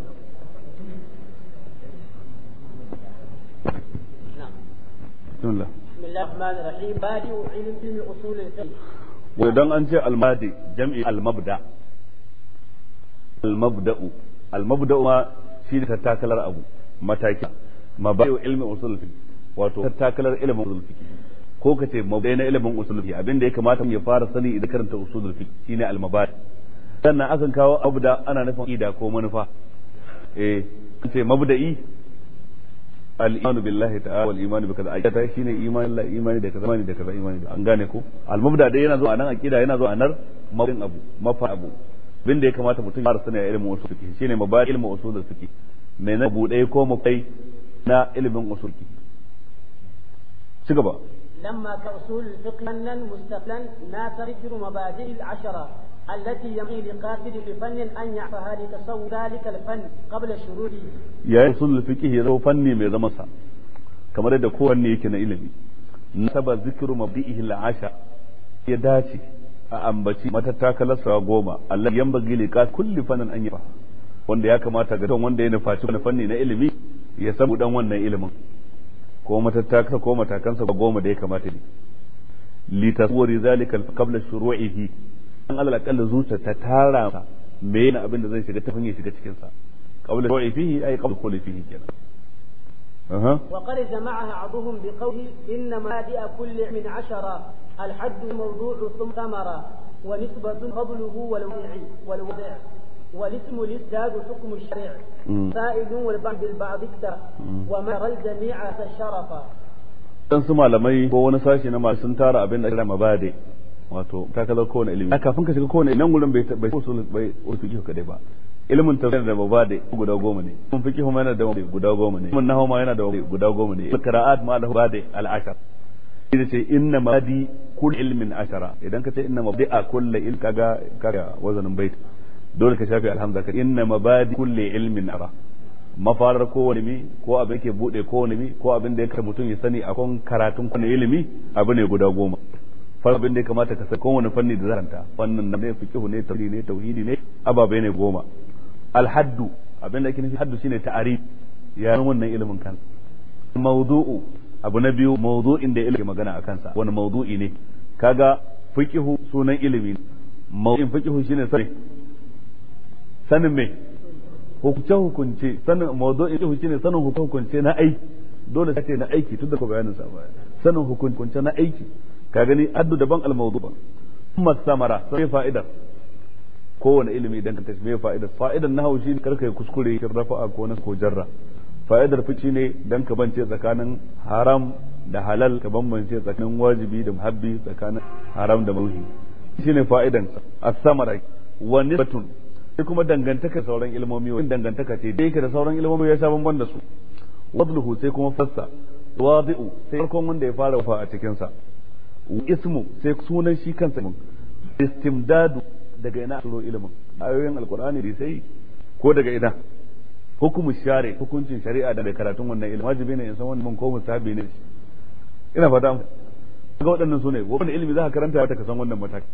بسم الله بسم الله الرحمن الرحيم بادئ علم ودان an ce almadi jam'i almabda almabda'u ma shi da tattakalar abu mataki mabayu ilmi usul fiqh wato tattakalar ilmin ko kace mabai na ilmin usul Abin da ya kamata mu ya fara sani idan karanta usul fiqh shine almabadi sannan akan kawo abda ana nufin ida ko manufa eh kace mabda'i al-iman billahi ta'ala wal iman bi kaza ta shine iman Allah imani da kaza imani da kaza imani da an gane ko al-mubda dai yana zo a nan aqida yana zo a nan mabin abu mafa abu bin da ya kamata mutum ya sani a ilimin usul fiqh shine a ilimin usul da suke mai na bude ko mafai لما كأصول الفقه مستقلا ما ترجر مبادئ العشرة التي ينبغي لقاصد لفن أن يعرفها لتصور ذلك الفن قبل شروره يا يصل الفقه يزو فني من زمسا كما رد كون يكي نعلمي نسب ذكر مبدئه العشاء يداتي a ambaci matattakalarsa goma Allah yan bagi liƙa kulli fannin an yi wanda ya kamata ga wanda ya nufaci wani fanni na ilimi ya samu dan wannan ilimin ko matattakansa ko matakansa goma da ya kamata ne li tasawwuri zalika qabla shuru'ihi an alal akalla zuciya ta tara me yana abin da zai shiga ta fanye shiga cikin sa qabla wa fihi ay qabla qawli fihi kenan وقد جمعها عضهم بقوله إن مبادئ كل علم عشرة الحد موضوع ثم ثمرة ونسبة فضله والوضع والوضع والاسم للزاد حكم الشرع فائد والبعض بالبعض اكثر ومر الجميع فالشرف dan su malamai ko wani sashi na masu tara abin da kira mabade wato ta kaza kowane ilimi kafin ka shiga kowane nan gurin bai bai usul bai usul kadai ba ilimin tafsir da mabadi guda goma ne ilimin fiqh ma yana da guda goma ne ilimin nahwu yana da guda goma ne qira'at ma lahu badi al-ashar idan ce inna mabadi kull ilmin ashara idan ka ce inna mabadi a kull il kaga kaga wazanin bait dole ka shafi alhamza ka inna mabadi kull ilmin ara mafarar kowane mi ko abin ke bude kowane mi ko abin da ya mutum ya sani a kan karatun kowane ilimi abu ne guda goma Far abin da ya kamata ka san kowane fanni da zaranta fannin da ne fiqh ne tauri ne tauhidi ne ababai ne goma alhaddu abin da ake nufi haddu shine ta'arif yayin wannan ilimin kan mawdu'u abu na biyu mawdu'in da ilimi magana akan sa wani mawdu'i ne kaga fiqh sunan ilimi mawdu'in fiqh shine sani sanin me hukunce hukunce sanin mawdu'in fiqh shine sanin hukunce na aiki dole sai na aiki tunda ko bayanin sa sanin hukunce na aiki ka gani addu daban al-mawdu ba amma samara sai fa'idar kowane ilimi idan ka tashi me fa'idar fa'idar nahwu shi kar kai kuskure kin rafa'a ko na ko jarra fa'idar fici ne dan ka bance tsakanin haram da halal ka bambance tsakanin wajibi da muhabbi tsakanin haram da mauhi shine fa'idan as-samara wa nisbatun sai kuma dangantaka sauran ilmomi wa dangantaka ce da yake da sauran ilmomi ya sha bamban da su wadluhu sai kuma fassa wadi'u sai farkon wanda ya fara wafa a cikin sa ismu sai sunan shi kansa mun istimdadu daga ina suro ilimin ayoyin alkur'ani da sai ko daga ina hukumin share hukuncin shari'a da bai karatun wannan ilimin wajibi ne in san wannan ko musabi ne ina fata ga waɗannan sune wannan ilimi za ka karanta ta ka san wannan mataki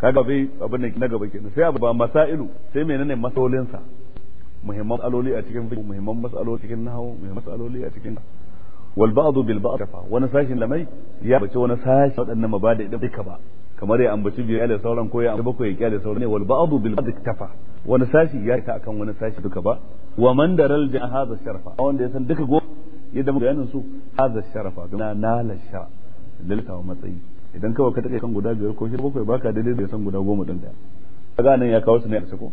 kaga bai abin da na gaba kenan sai abu ba masailu sai menene masalolin sa muhimman aloli a cikin fiqh muhimman masaloli cikin nahawu muhimman masaloli a cikin wal ba'du bil ba'd wani sashin lamai ya bace wani sashi waɗannan mabada idan duka kamar ya ambaci biyu da sauran ko ya ambaci bakwai ya kyale sauran ne wal ba'du bil ba'd tafa wani sashi ya ta akan wani sashi duka ba wa man daral bi hadha sharafa wanda ya san duka go ya muka bayanin su hadha sharafa na nala sha lalta wa matsayi idan kawai ka take kan guda biyar ko shida bakwai baka daidai da san guda goma din da kaga nan ya kawo su ne a sako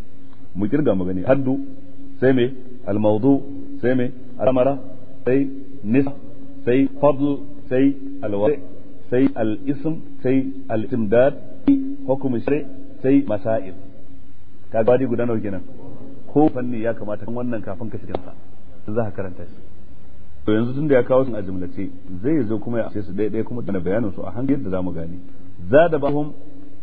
mu kirga magani gani haddu sai me al mawdu sai me al amara sai nisa sai fadl sai alwari sai al-ism sai al-imdad hukum shari sai masail Ka wadi guda nawa kenan ko fanni ya kamata kan wannan kafin ka shiga sa za ka karanta shi to yanzu tun da ya kawo sun a jumlace zai zo kuma ya sai su daidai kuma da bayanin su a hanyar da zamu gane zada bahum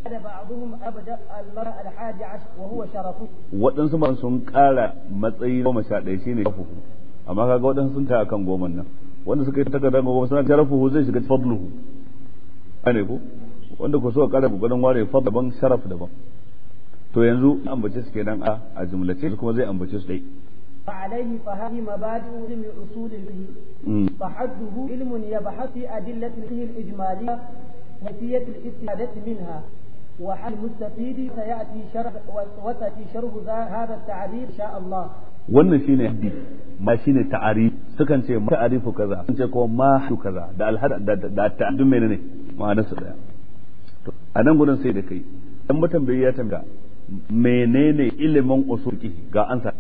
zada ba'dhum abada al-mar'a al-hadi wa huwa sharafu wadansu man sun kara matsayi 11 shine shafuhu amma kaga waɗansu sun ta akan goman nan wanda suka yi takarda ga wasu na sharafuhu zai shiga fadluhu ane ko wanda ko suka kara gudan ware fad daban sharaf daban to yanzu ambace su kenan a a jumlace kuma zai ambace su dai عليه فهذه مبادئ علم أصول الفقه فحده علم يبحث في أدلة الفقه الإجمالية وكيفية الاستفادة منها وحال المستفيد سيأتي شرح وسيأتي شرح هذا التعريف إن شاء الله wannan shine haddi ma shine ta'arif sukan ce ma ta'arifu kaza sun ce kuma ma hadu kaza da alhada da da ta'addun menene ma'anar su daya to a nan gurin sai da kai dan bai ya tanga menene ilimin usul fiqh ga ansa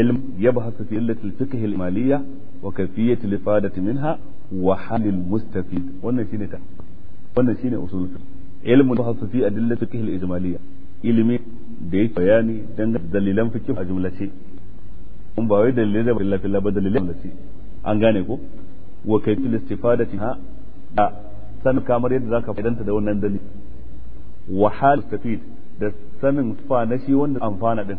ilm yabhasu fi illati al-fiqh al-maliyya wa tilifa al-ifadati minha wa halil mustafid wannan shine ta wannan shine usul fiqh ilmu hasu fi adillati al-fiqh al-ijmaliyya ilimi da yake bayani dangane dalilan fiqh a jumlace in ba wai dalilai da illa filla ba dalilai allati an gane ko wa kayfil istifadati ha da sanin kamar yadda zaka fa'idanta da wannan dalil wa hal tafid da sanin fa na shi wanda amfana din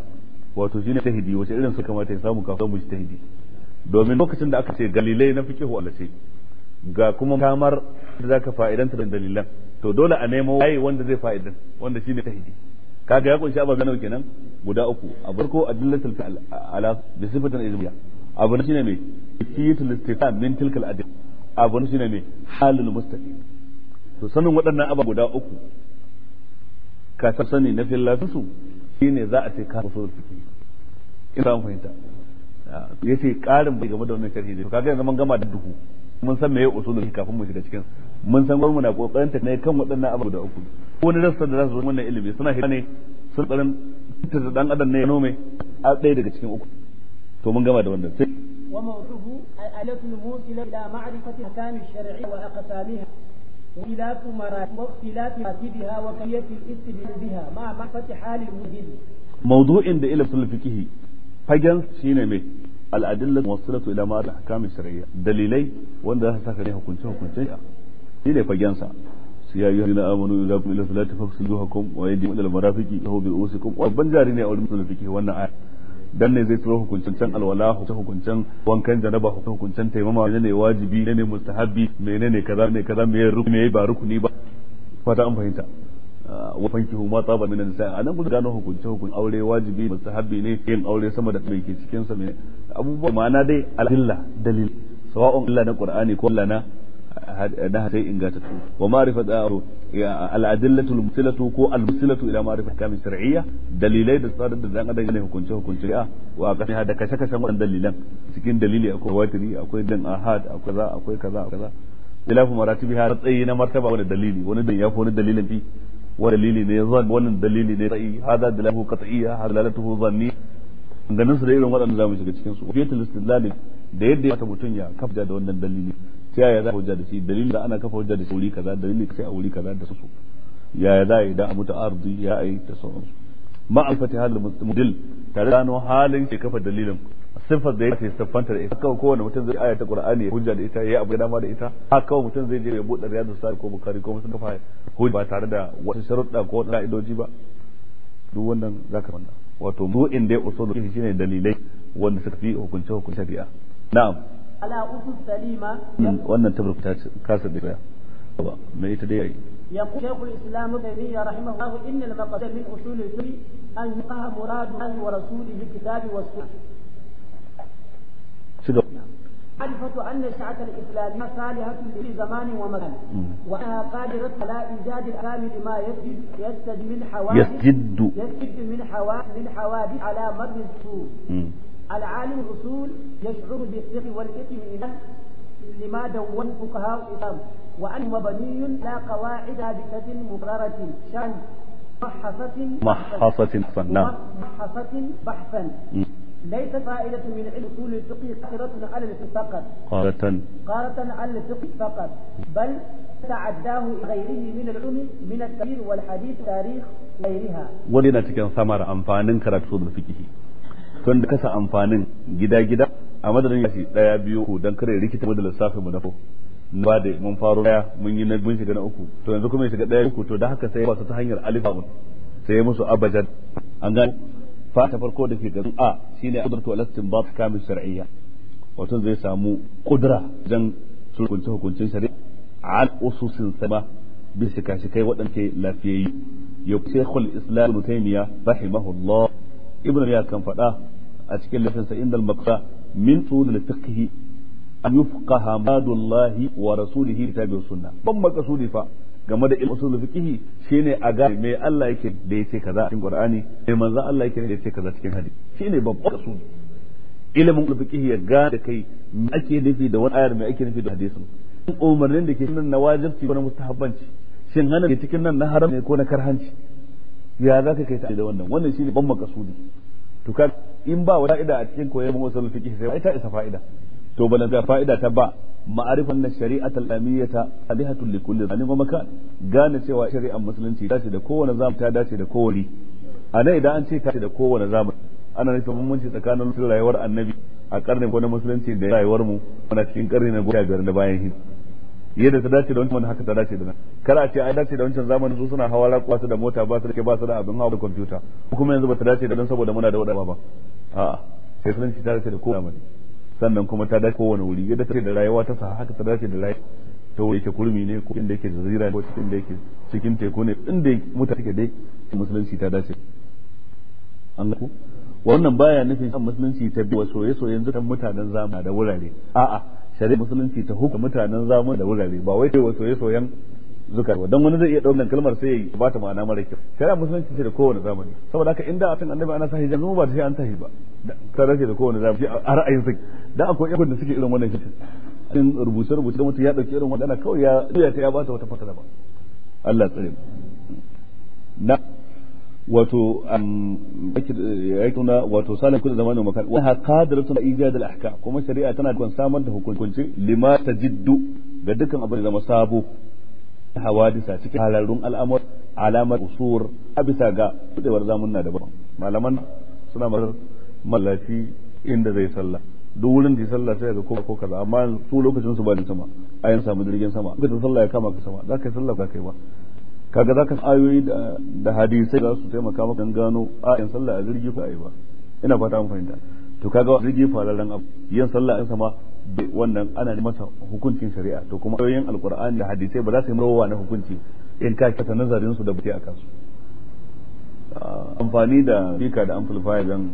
wato shine tahidi wace irin su kamata ya samu kafin mu tahidi domin lokacin da aka ce galilai na fiqhu allati ga kuma kamar da zaka fa'idanta da dalilan to dole a nemo waye wanda zai fa'idan wanda shine tahidi kaga ya kunshi ababen nawa kenan guda uku a farko adillatul ala bi sifatan izmiya abu ne shine me kiyatul istiqam min tilkal adil abu ne shine me halul mustaqim to sanin waɗannan abu guda uku ka san sani na fillafin su shine za a ce ka usul fiqh in san fahimta yace karin bai game da wannan sharhi to kaga yanzu mun gama da duhu mun san meye usulul fiqh kafin mu shiga cikin mun san gwamnati na kokarin ta ne kan waɗannan abu guda uku wani rassan da za su zo wannan ilimi suna hita ne sun tsarin fitar da dan adam ne ya nome a ɗaya daga cikin uku to mun gama da wannan sai wa mawtuhu al-alatu al-musila ila ma'rifati ahkam ash-shar'i wa aqsamiha wa ila tumarat wa ikhtilafi fiha wa kayfiyati al-istidlal biha ma'a ma'rifati hal al-mujid mawdu'in da ilmu fiqh fagen shine me al-adillah muwassilatu ila ma'rifati ahkam ash-shar'i dalilai wanda za su saka ne hukunce hukunce shi ne fagen sa يا أيها الذين آمنوا إذا قمتم إلى الصلاة فاغسلوا وجوهكم وأيديكم إلى المرافق وامسحوا برؤوسكم وبن جاري ne a wurin musulun fiqh wannan aya dan ne zai turo hukuncen alwala hukuncin. wankan janaba hukuncin taimama ne ne wajibi ne ne mustahabbi menene kaza ne kaza me rukuni ba rukuni ba fata an fahimta ah, wa fankihu ma tsaba min nisa anan mun gano hukuncin hukun aure wajibi mustahabi ne yin aure sama da mai ke cikin sa mai abubuwa ma'ana dai alhilla dalil sawa'un illa na qur'ani ko illa na نهر إنجاتته ومعرفة الأدلة الممثلة كو الممثلة إلى معرفة كام الشرعية دليلي دستار الدزان أدى يلي هكون شهو كون شريعة وأقف هذا كشك شمع دليلا سكين دليلي أكو واتري أكو دن أحد أكو كذا أكو كذا أكو كذا خلاف مراتبها رأينا مرتبة ولا دليلي ولا دليل ولا دليل فيه ودليلي ne zan wannan dalili ne ra'ayi hada dalalahu qat'iyya hada dalalatuhu zanni ganin su da irin waɗanda zamu shiga cikin su fiyatul istidlal da yadda ya mutum ya kafa da wannan dalili yaya za a hujja da shi dalilin da ana kafa hujja da shi wuri kaza dalilin sai a wuri kaza da su yaya za a yi da a mutu ardi ya a yi da sauransu ma'alfati halin mudil tare da gano halin ke kafa dalilin siffar da yake siffanta da ita haka kowane mutum zai ayata qur'ani ya hujja da ita ya abu dama da ita haka kawai mutum zai je ya buɗe riyadu sa ko bukari ko musun kafa hujja ba tare da wata sharuɗa ko ka'idoji ba duk wannan zaka wannan wato mu'in dai usulul shine dalilai wanda suka fi hukunce hukunce shari'a na'am ala usus salima wannan tabarruk ta kasa da ya mai يقول شيخ الاسلام ابن تيميه رحمه الله ان المقصد من اصول الفقه ان يقع مراد الله ورسوله الكتاب والسنه. شنو؟ معرفة أن الشريعة الإسلامية صالحة لكل زمان ومكان وأنها قادرة على إيجاد الأحكام لما يسجد يسجد من حوادث يسجد من حوادث من حوادث على مر السور العالم الأصول يشعر بالثقل والإثم إذا لما دون فقهاء الإسلام وأنه مبني على قواعد ثابتة مقررة شان محصة محصة محصة بحثا ليس فائدة من علم أصول الفقه قارة على الفقه فقط قارة قارة على الفقه فقط بل تعداه غيره من العلم من التفسير والحديث تاريخ غيرها ولنا تكن ثمر أنفان كرة أصول الفقه tun da kasa amfanin gida-gida a madadin yashi daya biyu ku dan kare rikita da lissafin mu na ko ba da mun faro daya mun yi na mun shiga na uku to yanzu kuma ya shiga daya uku to da haka sai ba ta hanyar alifa mun sai musu abajan an gane fa ta farko da ke garin a shine qudratu al-istinbat kamil shar'iyya wato zai samu kudura dan hukunce hukuncin shari'a al ususin sama bisa kashi kai waɗanda lafiyayyu ya shaykhul islam ibn taymiya rahimahullah ibn ya kan faɗa a cikin lafinsa inda al-maqsa min tsulul fiqhi an yufqaha madullahi wa rasulihi ta bi sunna ban makasudi fa game da ilmu usul fiqhi shine a ga me Allah yake da yace kaza cikin Qur'ani me manzo Allah yake da yace kaza cikin hadisi shine babban kasudi ilimin usul fiqhi ya ga da kai me ake nufi da wani ayar me ake nufi da hadisin umarnin da ke nan na wajibi ko na mustahabbanci shin hana ke cikin nan na haram ne ko na karhanci ya za ka kai da wannan wannan shine ban makasudi to in ba wata ida a cikin koyon usulul fiqh sai ita isa fa'ida to balanta fa'ida ta ba ma'arifan na shari'at al-amiyyata alihatul li kulli zalim wa makan gane cewa shari'ar musulunci ta dace da kowane zamani ta dace da kowane anan idan an ce ta dace da kowane zamani ana nufin bambanci tsakanin rayuwar annabi a karnin ko na musulunci da rayuwar mu muna cikin karni na goma biyar da bayan hijira yadda ta dace da wancan haka ta dace da nan kar a ce ai dace da wancan zamanin su suna hawa rakuwa su da mota ba su da ke ba su da abin hawa da kwamfuta kuma yanzu ba ta dace da dan saboda muna da wadaba ba a'a sai sun ci ta dace da kowa zamani sannan kuma ta dace kowane wuri yadda ta dace da rayuwa ta sa haka ta dace da rayuwa ta wuri ke kurmi ne ko inda yake ne ko cikin da yake cikin teku ne inda mutane take dai musulunci ta dace an ku wannan baya nufin musulunci ta wa soye-soyen zuwa mutanen zamani da wurare a'a shari'a musulunci ta hukunta mutanen zamu da wurare ba wai cewa soye soyen zuka ba dan wani zai iya daukan kalmar sai ya ba ta ma'ana mara kyau shari'a musulunci ce da kowane zamani saboda haka inda atin annabi ana sahi jami'u mu ba sai an tahi ba ta race da kowane zamani a ra'ayin sai dan akwai yakun da suke irin wannan shi in rubuce rubuce da mutum ya dauki irin wannan kawai ya ya ta ya ba ta wata fatala ba Allah tsare na wato wato salim kullu zamanin makan wa ha qadiratu ala ijad al ahkam kuma shari'a tana da samar da hukunci lima tajiddu ga dukkan abin da zama sabo hawadisa cikin halarun al'amur alamar usur a bisa ga kudewar na da malaman suna mazar mallafi inda zai sallah duk wurin da sallah sai ga ko kaza amma su lokacin su ba ni sama a yin samu jirgin sama lokacin sallah ya kama ka sama za ka yi sallah ba kai ba kaga zaka ayoyi da hadisai za su taimaka maka dan gano a yin sallah a jirgi ayi ba ina fata mun fahimta to kaga jirgi fararen abu yin sallah an sama wannan ana masa hukuncin shari'a to kuma ayoyin alqur'ani da hadisai ba za su yi rawa na hukunci in ka kasa nazarin su da bude a kansu amfani da speaker da amplifier dan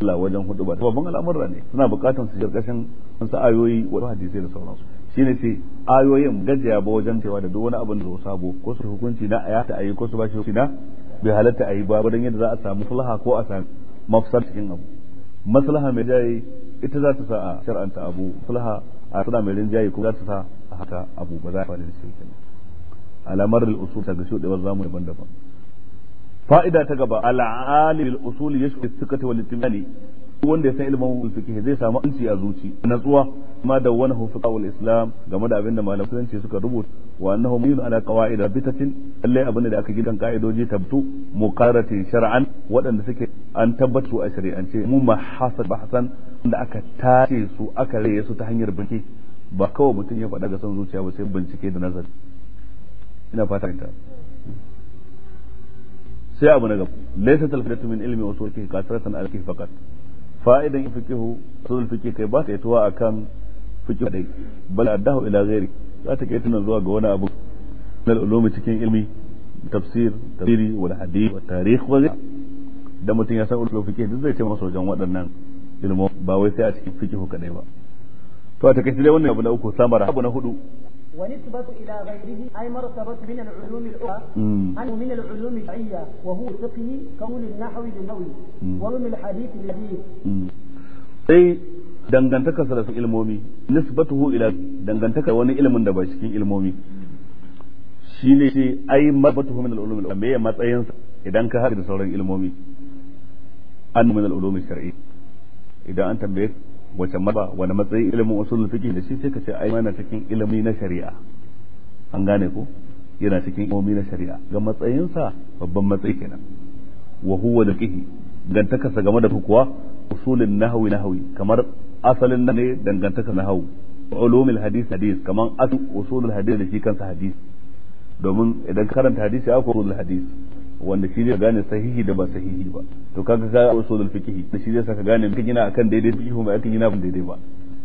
Allah wajen hudu ba babban al'amura ne suna bukatan su jirkashin sa ayoyi wa hadisai da sauransu shine ce ayoyin gajiya ba wajen cewa da duk wani abin da zo sabo ko su hukunci na a yata ayi ko su bashi hukunci na bai halatta ayi ba dan yadda za a samu maslaha ko a san mafsar cikin abu maslaha mai jayi ita za ta sa a shar'anta abu maslaha a tsada mai rinjayi ko za ta sa a haka abu ba za a fara da shi kenan alamar al-usul ta ga shudewar ne banda ba fa'ida ta gaba al'alil usul yashku al wal-ittimali wanda ya san ilimin fiqh zai samu anci a zuci natsuwa ma da wani hufuka wal islam game da abin da malaman musulunci suka rubuta wa annahu mayun ala qawaid bitatin lalle abin da aka gidan kaidoji tabtu muqarrati shar'an waɗanda suke an tabbatu a shari'ance mu mahasab bahsan da aka tace su aka raye su ta hanyar bincike ba kawai mutum ya faɗa ga son zuciya ba sai bincike da nazari ina fata ta sai abu na gaba laysa talqatu min ilmi wa sulki kasratan alki faqat fa'idan fiqhu usul fiqh kai ba ta yi tuwa akan fiqh dai bal addahu ila ghairi za ta kai tunan zuwa ga wani abu na ulumi cikin ilmi tafsir tafsiri wal hadith wa tarikh wa da mutum ya san ulul fiqh duk zai ce masa wajen waɗannan ilmu ba wai sai a cikin fiqh kadai ba to a takaice dai wannan abu na uku samara abu na hudu ونسبة إلى غيره أي مرتبة من العلوم الأخرى أنه من العلوم الشرعية وهو الفقه كقول النحو للنوي وعلوم الحديث الحديث أي dangantakarsa da su ilmomi nisbatuhu ila dangantaka wani ilimin da ba cikin ilmomi shine shi ai mabatuhu min al-ulum al ya matsayin sa idan ka haɗa da sauran ilmomi an min al-ulum al-shar'i idan an tambaye wace maba wani matsayin ilimin usul fiqh da shi sai ka ce ai mana cikin ilimi na shari'a an gane ko yana cikin ilimi na shari'a ga matsayinsa babban matsayi kenan wa huwa da fiqh sa game da kuwa usulin nahwi nahwi kamar asalin nan ne dangantaka nahwu ulumul hadith hadith kamar usulul hadith da shi kansa hadith domin idan karanta hadisi akwai usulul hadith wanda shi zai gane sahihi da ba sahihi ba to kaga ka usulul fiqh da shi zai saka gane ka gina akan daidai fiqh ba ka gina ban daidai ba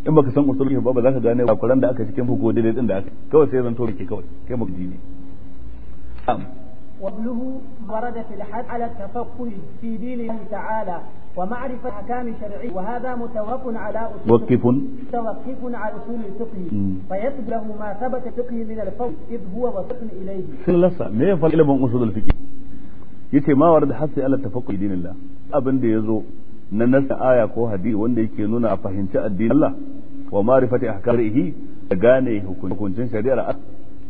in baka san usulul fiqh ba ba za ka gane kuran da aka cikin fuko daidai din da aka kawai sai zan to kake kawai kai mabdi ne وابنه ورد في الحد على التفقه في دين الله تعالى ومعرفة أحكام شرعية وهذا متوقف على أصول وقف على أصول الفقه فيثبت له ما ثبت من إذ هو وصف إليه. سلسة ما يفعل إلى من أصول الفقه؟ yace ma warad hasi ala tafaqqu dinillah abin da yazo na nasa aya ko hadisi wanda yake nuna a fahimci addinin Allah wa ma'rifati ahkamihi da gane hukuncin shari'ar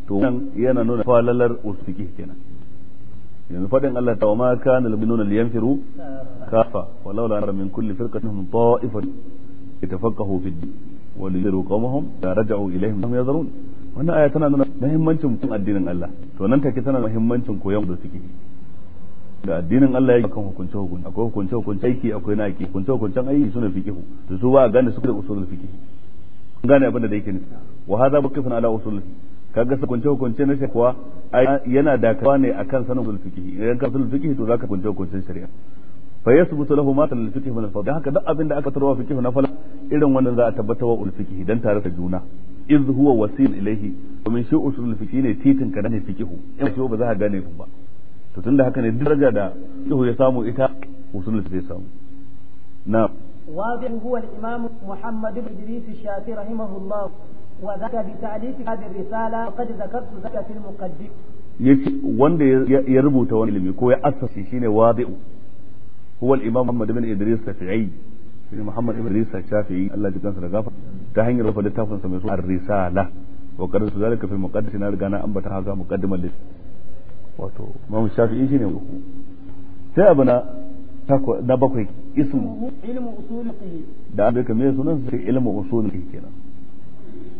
to nan yana nuna falalar usuki kenan yanzu fadin Allah ta wa ma kana al-mu'minuna liyanfiru kafa walau la min kulli firqatin ta'ifatun yatafaqahu fi din wa liyiru qawmahum la raja'u ilayhim lam yazrun wannan aya tana nuna muhimmancin addinin Allah to nan take tana muhimmancin koyon da suke da addinin Allah yake kan hukunce hukunce akwai hukunce hukunce aiki akwai na aiki hukunce aiki suna fiqihu to su ba gane su da usulul fiqh kun gane abin da yake ne wa hadha baqifun ala usul kaga sa hukunce hukunce na shakwa yana dakawa ne akan sanin usul fiqh idan ka usul fiqh to zaka hukunce hukuncen shari'a fa yasbutu lahu ma tal fiqh min al-fadl haka duk abin da aka tarwa fiqh na fala irin wannan za a tabbata wa ulfiqh dan tare da juna iz huwa wasil ilayhi wa min shu'usul fiqh ne titin ka ne fiqh in ba za ka gane ba to tunda haka ne daraja da ihu ya samu ita usul zai samu na واضح هو الإمام محمد بن إدريس الشافعي رحمه الله وذاك بتأليف هذه الرسالة وقد ذكرت ذلك في المقدمة yace wanda ya rubuta wani ilimi ko ya assasi shine wadi'u huwa al-imam Muhammad ibn Idris Shafi'i shine Muhammad ibn Idris Shafi'i Allah ya kansa da gafa ta hanyar rubuta littafin sa mai suna Ar-Risala wa qad zalika fi muqaddimati na riga na ambata haza muqaddimal lis wato mamu shafi in shi ne uku sai abu na na bakwai ismu ilmu usulihi da an bai kamar sunan sai ilmu usulihi kenan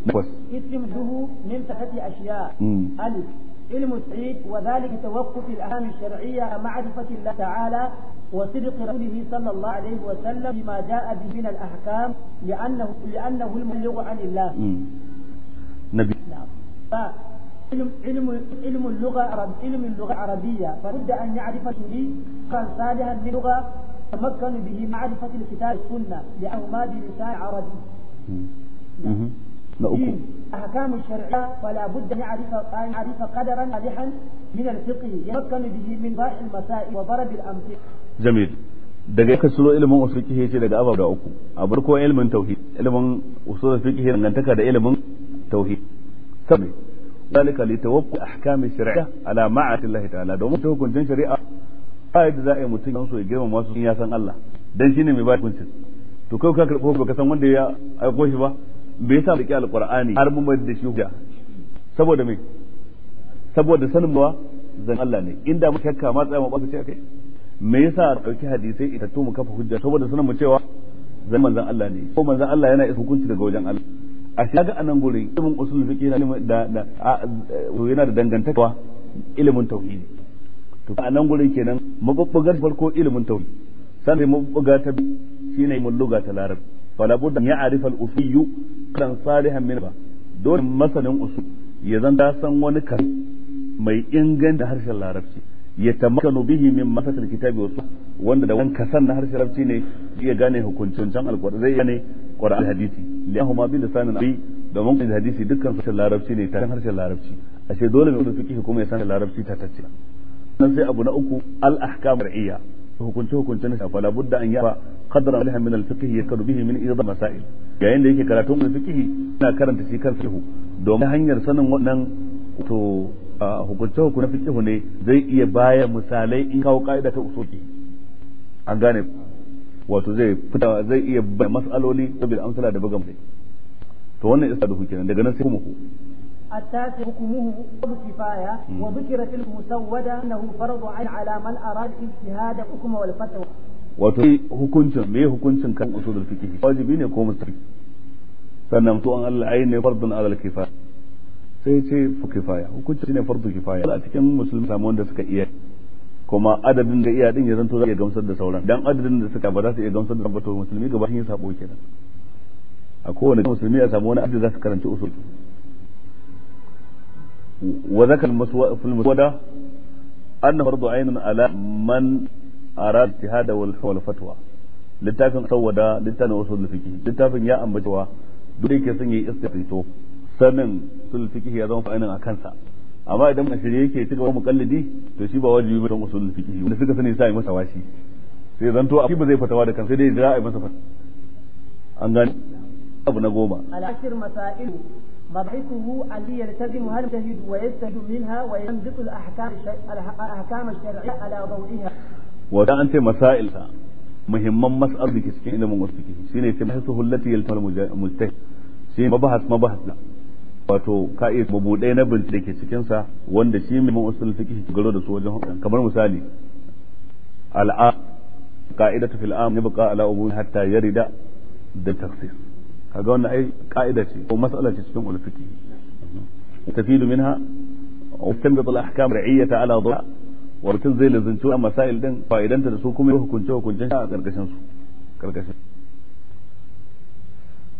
nakwas ismu duhu min takati ashiya hmm. alif ilmu sa'id wa zalika tawaqquf al ahami shar'iyya ma'rifati Allah ta'ala wa sidq rasulihi sallallahu alayhi wa sallam bima ja'a bi min al ahkam li'annahu li'annahu al mulighu 'an Allah hmm. nabi na علم علم علم اللغة عرب علم اللغة العربية فبد أن يعرف الشريك قال صالحا للغة تمكن به معرفة الكتاب والسنة لأهما بلسان عربي. دين أحكام الشرعية فلا بد أن يعرف أن يعرف قدرا صالحا من الفقه يتمكن به من باع المسائل وضرب الأمثلة. جميل. daga ya kasuro ilimin usul fiqh ce daga abu da uku a farko ilimin tauhid ilimin usul fiqh dangantaka da ilimin tauhid sabai ذلك لتوقع احكام الشريعه على معه الله تعالى domin ta hukuncin shari'a ba da za a yi mutum yansu ya girma masu ya san Allah dan shine mai ba hukuncin to kai ka karbo baka san wanda ya aiko shi ba bai sa baki alqur'ani har mun da shi hujja saboda me saboda sanin ba zan Allah ne inda mu kakka ma tsaya mu ba ce kai me yasa dauki hadisai ita to mu kafa hujja saboda sanin mu cewa zan manzon Allah ne ko manzon yana isa hukunci daga wajen Allah a shiga a nan gurin ilimin usul fiqh yana da da yana da dangantawa ilimin tauhidi to a nan gurin kenan mabubbugar farko ilimin tauhidi san sai mabubbuga ta shine mun lugha ta larab fala budda arifa al-usiyyu kan salihan min ba dole masanin usul ya zan da san wani kan mai inganta harshen larabci ya tamakanu bihi min masal kitabi wa wanda da wani kasan na harshen larabci ne ya gane hukuncin can alqur'ani zai gane qur'an hadisi li'ahuma bil lisan al-arabi domin kun hadisi dukkan su larabci ne ta harshen larabci ashe dole mai fiqh kuma ya san larabci ta tace nan sai abu na uku al-ahkam ra'iyya hukunce hukunce na shafa labudda an yafa qadra alha min al-fiqh yakadu bihi min idha masail yayin da yake karatu mun fiqh ina karanta shi kan fiqh domin hanyar sanin wannan to hukunce hukunce fiqh ne zai iya baya misalai in kawo kaida ta usuki an gane wato zai fita zai iya bai mas'aloli saboda amsala da bugan sai to wannan isa da kenan daga nan sai kuma التاسع حكمه فرض كفاية وذكر في المسودة أنه فرض عين على من أراد اجتهاد الحكم والفتوى wato hukuncin me hukuncin kan usulul fiqh wajibi ne ko mustahabi sannan to an Allah ayi ne alal kifaya sai ce fu kifaya hukunci ne fardu a cikin musulmi samu wanda suka iya kuma adadin da iya din ya zanto za a gamsar da sauran dan adadin da suka ba za su iya gamsar da to musulmi gaba shi sabo kenan a kowane musulmi a samu wani adadi za su karanci usul wa zakal maswa fil maswada anna fardu aynan ala man arad tihada wal hawl fatwa littafin sawada littafin usul fiqh littafin ya ambacewa duk da yake sun yi istifito sanin sulfiqh ya zama fa'inin a kansa amma idan a shirye yake ci gaba mukallidi to shi ba wajibi ba don usul fiqh wanda suka sani sai masa washi sai zanto a ba zai fatawa da kan sai dai jira a masa fatawa an gani abu na goma al-ashir masail مبحثه الذي يلتزم هل تجد ويستجد منها وينبط الأحكام الأحكام الشرعية على ضوئها وده أنت مسائل muhimman mas'ar da ke cikin ilimin wasu shine ce yaltal mujtahid mabahas mabahas na wato ka iya mabudai na bincike da ke cikinsa wanda shi mai usul fiqh garo da su wajen kamar misali al'a ka'ida ta fil ne yabqa ala ubun hatta yarida da taksis kaga wannan ai ka'ida ce ko mas'ala ce cikin usul a tafidu minha a الاحكام رعيه على ضوء وتنزل a مسائل دين فائدنت da su kuma hukunce hukuncen a karkashin su karkashin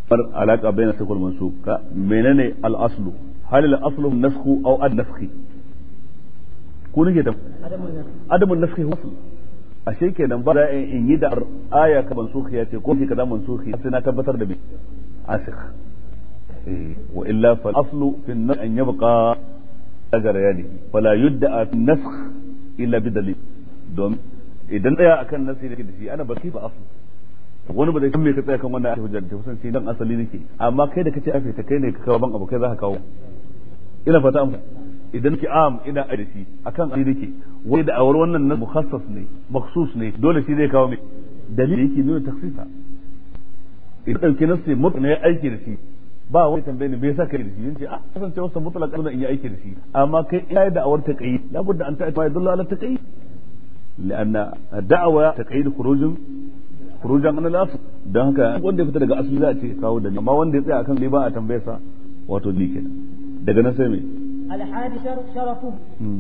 alaka bayan sakul mansu ka menene al-aslu hal al-aslu nasku aw ad-nafkhi ko nake da adamun nafkhi A ashe nan ba za in yi da aya ka mansukhi ya ce ko fi kaza mansukhi sai na tabbatar da bi asik. wa illa fa aslu fi an-nafkh an yabqa agar yani fala yudda an-nafkh illa bi dalil don idan tsaya akan nasi da shi ana baki ba aslu wani ba zai san me ka tsaya kan wannan ayatu hujjar ta kusan sai dan asali nake amma kai da kace afi ta kai ne ka kawo ban abu kai zaka kawo ina fata amma idan ki am ina arisi akan asali nake wai da awar wannan na mukhassas ne makhsus ne dole shi zai kawo me dalili yake nuna taksisa idan dauke nasi mutum ne aiki da shi ba wani tambaye ne me yasa kai da shi yace a ah, kasance wasa mutlaq dole in yi aiki da shi amma kai ina da awar ta kai labudda an ta ta dalla ala ta kai لأن الدعوة تقييد خروج kurujan an lasu don haka wanda ya fita daga asali za a ce kawo ni amma wanda ya tsaya akan ne ba a tambaye sa wato ni kenan daga nan sai me الحادي شرفه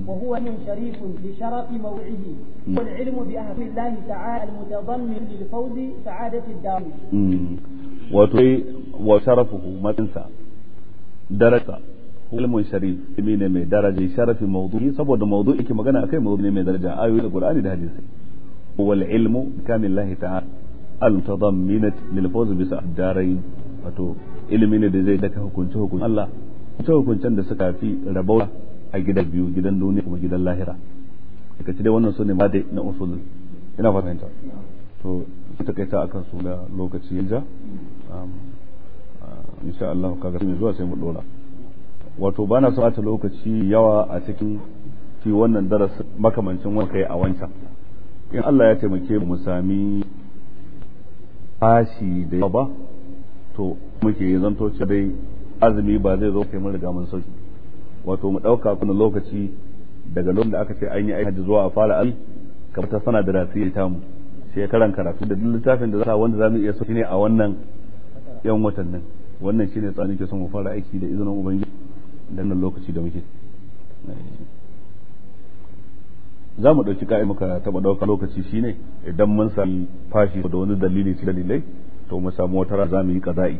وهو من شريف لشرف موعده والعلم بأهل الله تعالى المتضمن للفوز سعادة الدار وتوي وشرفه ما تنسى درجة ilmun sharif ilmi ne mai daraja sharafin mawdu'i saboda mawdu'i ke magana akai mawdu'i ne daraja ayoyi da qur'ani da hadisi wal ilmu ta'ala al-mutadamminat lil fawz bi sa'darain wato ilimi ne da zai daka hukunci hukuncin Allah ta hukuncen da suka fi rabauta a gidan biyu gidan duniya kuma gidan lahira daga ci dai wannan sune ma dai na usul ina fahimta to ta kai ta akan su da lokaci ya ja insha Allah kaga ga zuwa sai mu dora wato ba na so lokaci yawa a cikin fi wannan darasin. makamancin wanda kai a wancan in Allah ya taimake mu sami fashi da yawa ba to muke zanto ce dai azumi ba zai zo kai mun riga mun sauki wato mu ɗauka kuma lokaci daga lokacin da aka ce an yi aiki zuwa a fara azumi kamar ta sana da rasiri ta mu shekaran karatu da duk littafin da za wanda za mu iya sauki ne a wannan yan watannin wannan shine tsanin ke son mu fara aiki da izinin ubangiji dan lokaci da muke za mu ɗauki ka'i muka taɓa ɗaukar lokaci shine idan mun sami fashi da wani dalili ci dalilai to mu samu wata za mu yi kaza'i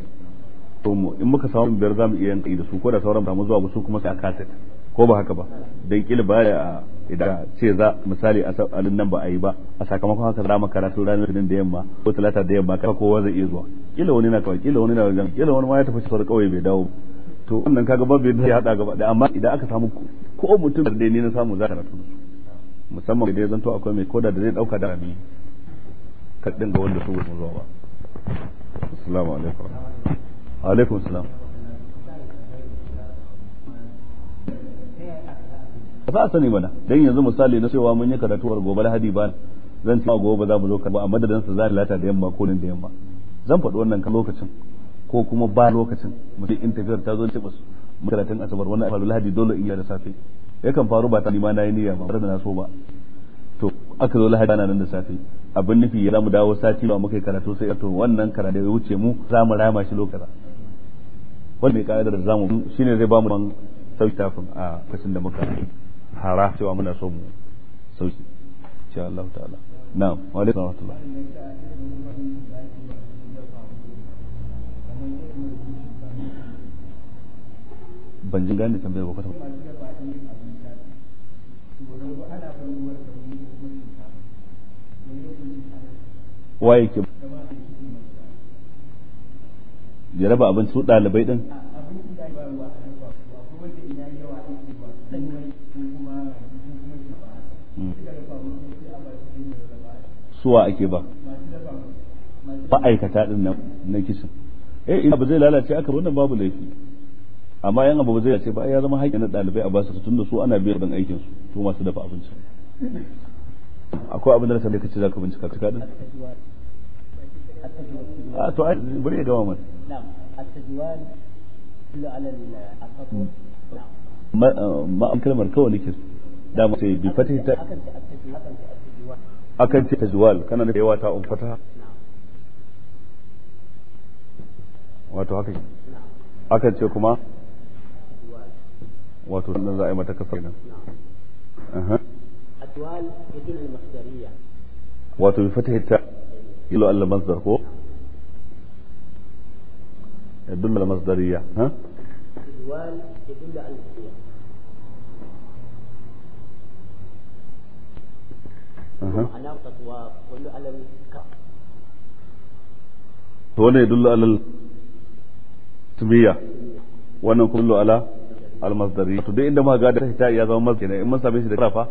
to mu in muka samu biyar za mu iya yin ka'i da su ko da sauran mu zuwa su kuma sai a kaset ko ba haka ba dan kila ya. idan ce za misali a alin nan ba a yi ba a sakamakon haka za mu karatu ranar Litinin da yamma ko Talata da yamma kafa kowa zai iya zuwa kila wani na kawai kila wani na wajen kila wani ma ya tafi sauran kawai bai dawo to wannan kaga babu yadda ya hada gaba amma idan aka samu ko mutum da ne na samu za ka karatu musamman da ya zanto akwai mai koda da zai dauka da rami kaddin ga wanda su wuce zuwa ba assalamu alaikum alaikum salam ba a sani bana dan yanzu misali na cewa mun yi karatuwar gobe lahadi ba zan ci gobe za mu zo karba a madadin sa ta lata da yamma ko da yamma zan faɗi wannan kan lokacin ko kuma ba lokacin mu in tafiyar ta zo ta bus mu karatun asabar wannan lahadi dole in yi da safe yakan faru ba ta nima na yi niyya ba tare da na so ba to aka zo lahadi nan da safe abin nufi ya zamu dawo sati ba muka yi karatu sai to wannan karatu ya wuce mu za mu rama shi lokacin wanda mai ka'idar da zamu ne zai ba mu sauki tafin a kashin da muka hara cewa muna so mu sauki insha Allah ta'ala na'am wa alaikum rahmatullah ban jin gane tambayar ba kwata waye ke ya raba abinci su ɗalibai ɗin suwa ake ba ma'aikata ɗin na kisan eh ina ba zai lalace aka wannan babu laifi amma yan abu ba zai lalace ba ya zama haƙƙin na ɗalibai a basu tunda su ana biyar aikin aikinsu su masu dafa abinci akwai abin da na sami kace za ka bincika ka kadin a to ai bari ya gama mana ma eh, an kalmar kawai nake da mu sai bi fatih ta akan ce tajwal kana da yawa ta umfata wato haka akan ce kuma wato sannan za a yi mata kasar nan أه. أدوال بدون المصدرية wato bi fatah ta ilo al masdar يدل على مصدرية ها؟ أدوال يدل على الاختيار أها ويدل على الكف هنا يدل على التبية وأنا كله على almasdari to duk inda ma ga da ta ya zama masdar in mun same shi da rafa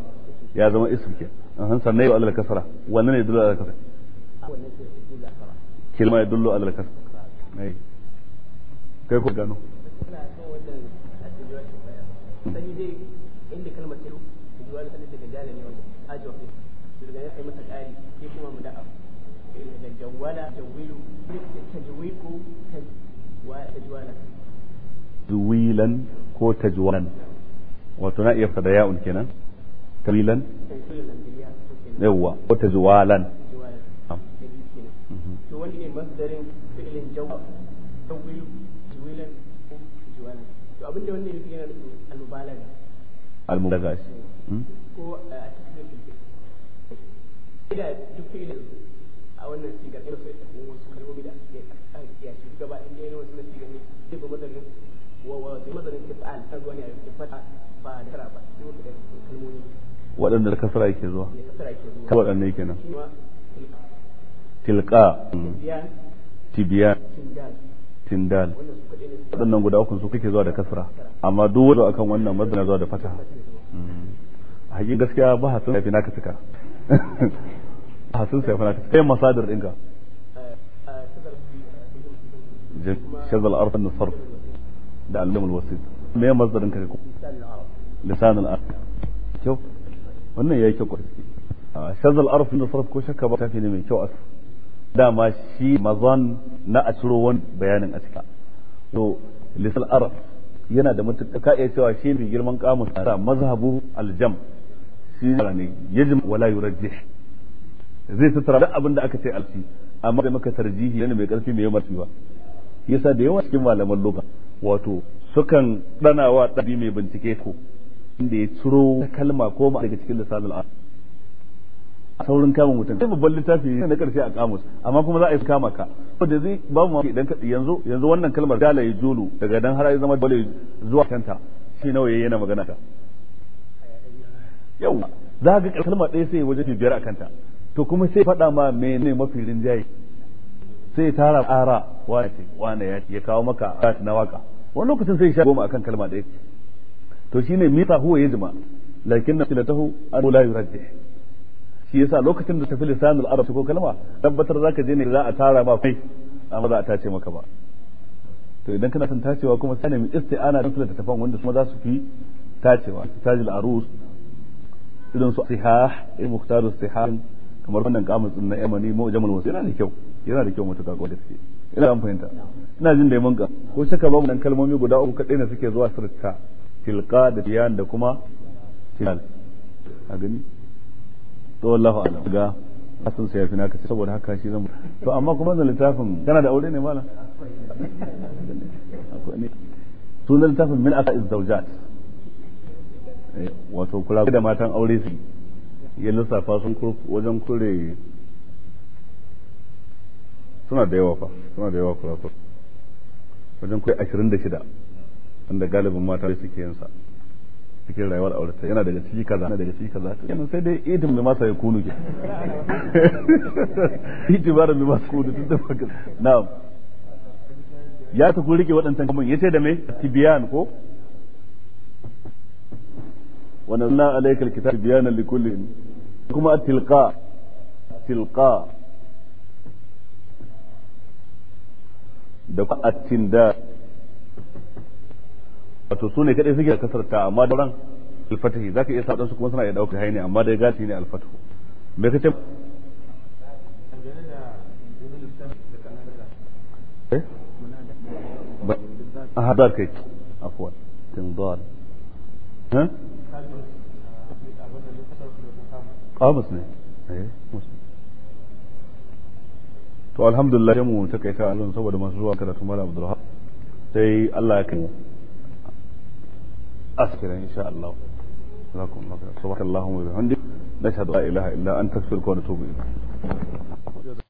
ya zama ism ke an sannan ya alal kasra wannan ne dole alal kasra kilma ya alal kasra kai ko gano جويلا ko tajwalan wato na iya fada ya'un kenan kalilan yawwa ko tajwalan to wani ne masdarin fi'ilin jawab tawil ko tajwalan to abinda wannan yake yana nufin hmm? ko uh, a cikin da duk fi'ilin a wannan sigar su wasu kalmomi da ake gaba inda yana wasu na sigar ne ba masdarin waɗanda da kasara yake zuwa ta waɗanda yake nan tilka tibiya tindal waɗannan guda uku su kake zuwa da kasara amma duk wanda akan wannan mazana zuwa da fata a hmm. hakin gaskiya ba hasin sai ka cika hasin sai naka cika yin masadar ɗinka eh, eh, shazal arfan sarf da al-lam me ya masdarin ka ko lisan al-arab kyau wannan yayi kyau kwarai shadda al min sarf ko shakka ba tafi ne mai kyau asu dama shi mazan na a ciro wani bayanin a cika to lisan al yana da matuƙa ka iya cewa shi mai girman kamus a mazhabu al shi ne yajma wala yurajjih zai sutura duk abin da aka ce alfi amma da maka tarjihi yana mai karfi mai yawan ba yasa da yawa cikin malaman lokaci wato sukan dana wa ɗabi mai bincike ko inda ya ciro kalma ko ma daga cikin lisanul arab saurin kama mutum sai babban littafi ne na karshe a kamus amma kuma za a yi kama ka da zai ba mu idan ka yanzu yanzu wannan kalmar dala ya julu daga dan har ya zama bale zuwa kanta shi nawa yayi yana magana ta yau za ka ga kalmar ɗaya sai waje biyar a kanta to kuma sai faɗa ma mene mafi rinjaye sai tara ƙara wane wane ya kawo maka na waka wani lokacin sai ya sha goma akan kalma da yake to shi ne mita huwa ya yajma lakin na filatahu an la yurajjih shi yasa lokacin da tafi lisanul arab ko kalma tabbatar zaka je ne za a tara ma kai amma za a tace maka ba to idan kana son tacewa kuma sai nemi isti'ana don sulata tafan wanda kuma za su fi tacewa tajil arus idan su sihah ibn mukhtar sihah kamar wannan kamus din na yamani mu jamal wasira ne kyau yana da kyau mutuka gwada gaske ina an fahimta ina jin da manka ko shaka mu nan kalmomi guda uku kadai ne suke zuwa sirta tilqa da tiyan da kuma tilal a gani to wallahu a'lam ga asun sai yafi naka saboda haka shi zan to amma kuma zan littafin kana da aure ne malam akwai ne sunan littafin min aka izzawjat eh, wato kula da matan aure su ya lissafa sun wajen kure suna da yawa fa suna da yawa kurakur wajen kai ashirin da shida wanda galibin mata su ke sa cikin rayuwar aurata yana daga ciki kaza yana daga ciki kaza yana sai dai idin bi masa ya kunu ke itibarin bi masa kunu tun da baka na'am ya ta kuri rike waɗancan kamun ya ce da mai tibiyan ko wa nazzalna alaykal kitaba tibyana likulli kuma tilqa tilqa da kwa'attin da wato su ne kadai suke kasarta amma da ran alfatahi zaka iya sa su kuma suna iya daukar haini amma dai gati ne alfatahu me kace hadar eh? ah, kai afwan tindar ha ah, ne eh to alhamdulillah mu ta kai ta alon saboda masu zuwa karatu mala abdulhab sai Allah ya kai askira insha Allah lakum wa bihamdihi nashhadu la ilaha illa anta astaghfiruka wa atubu ilayk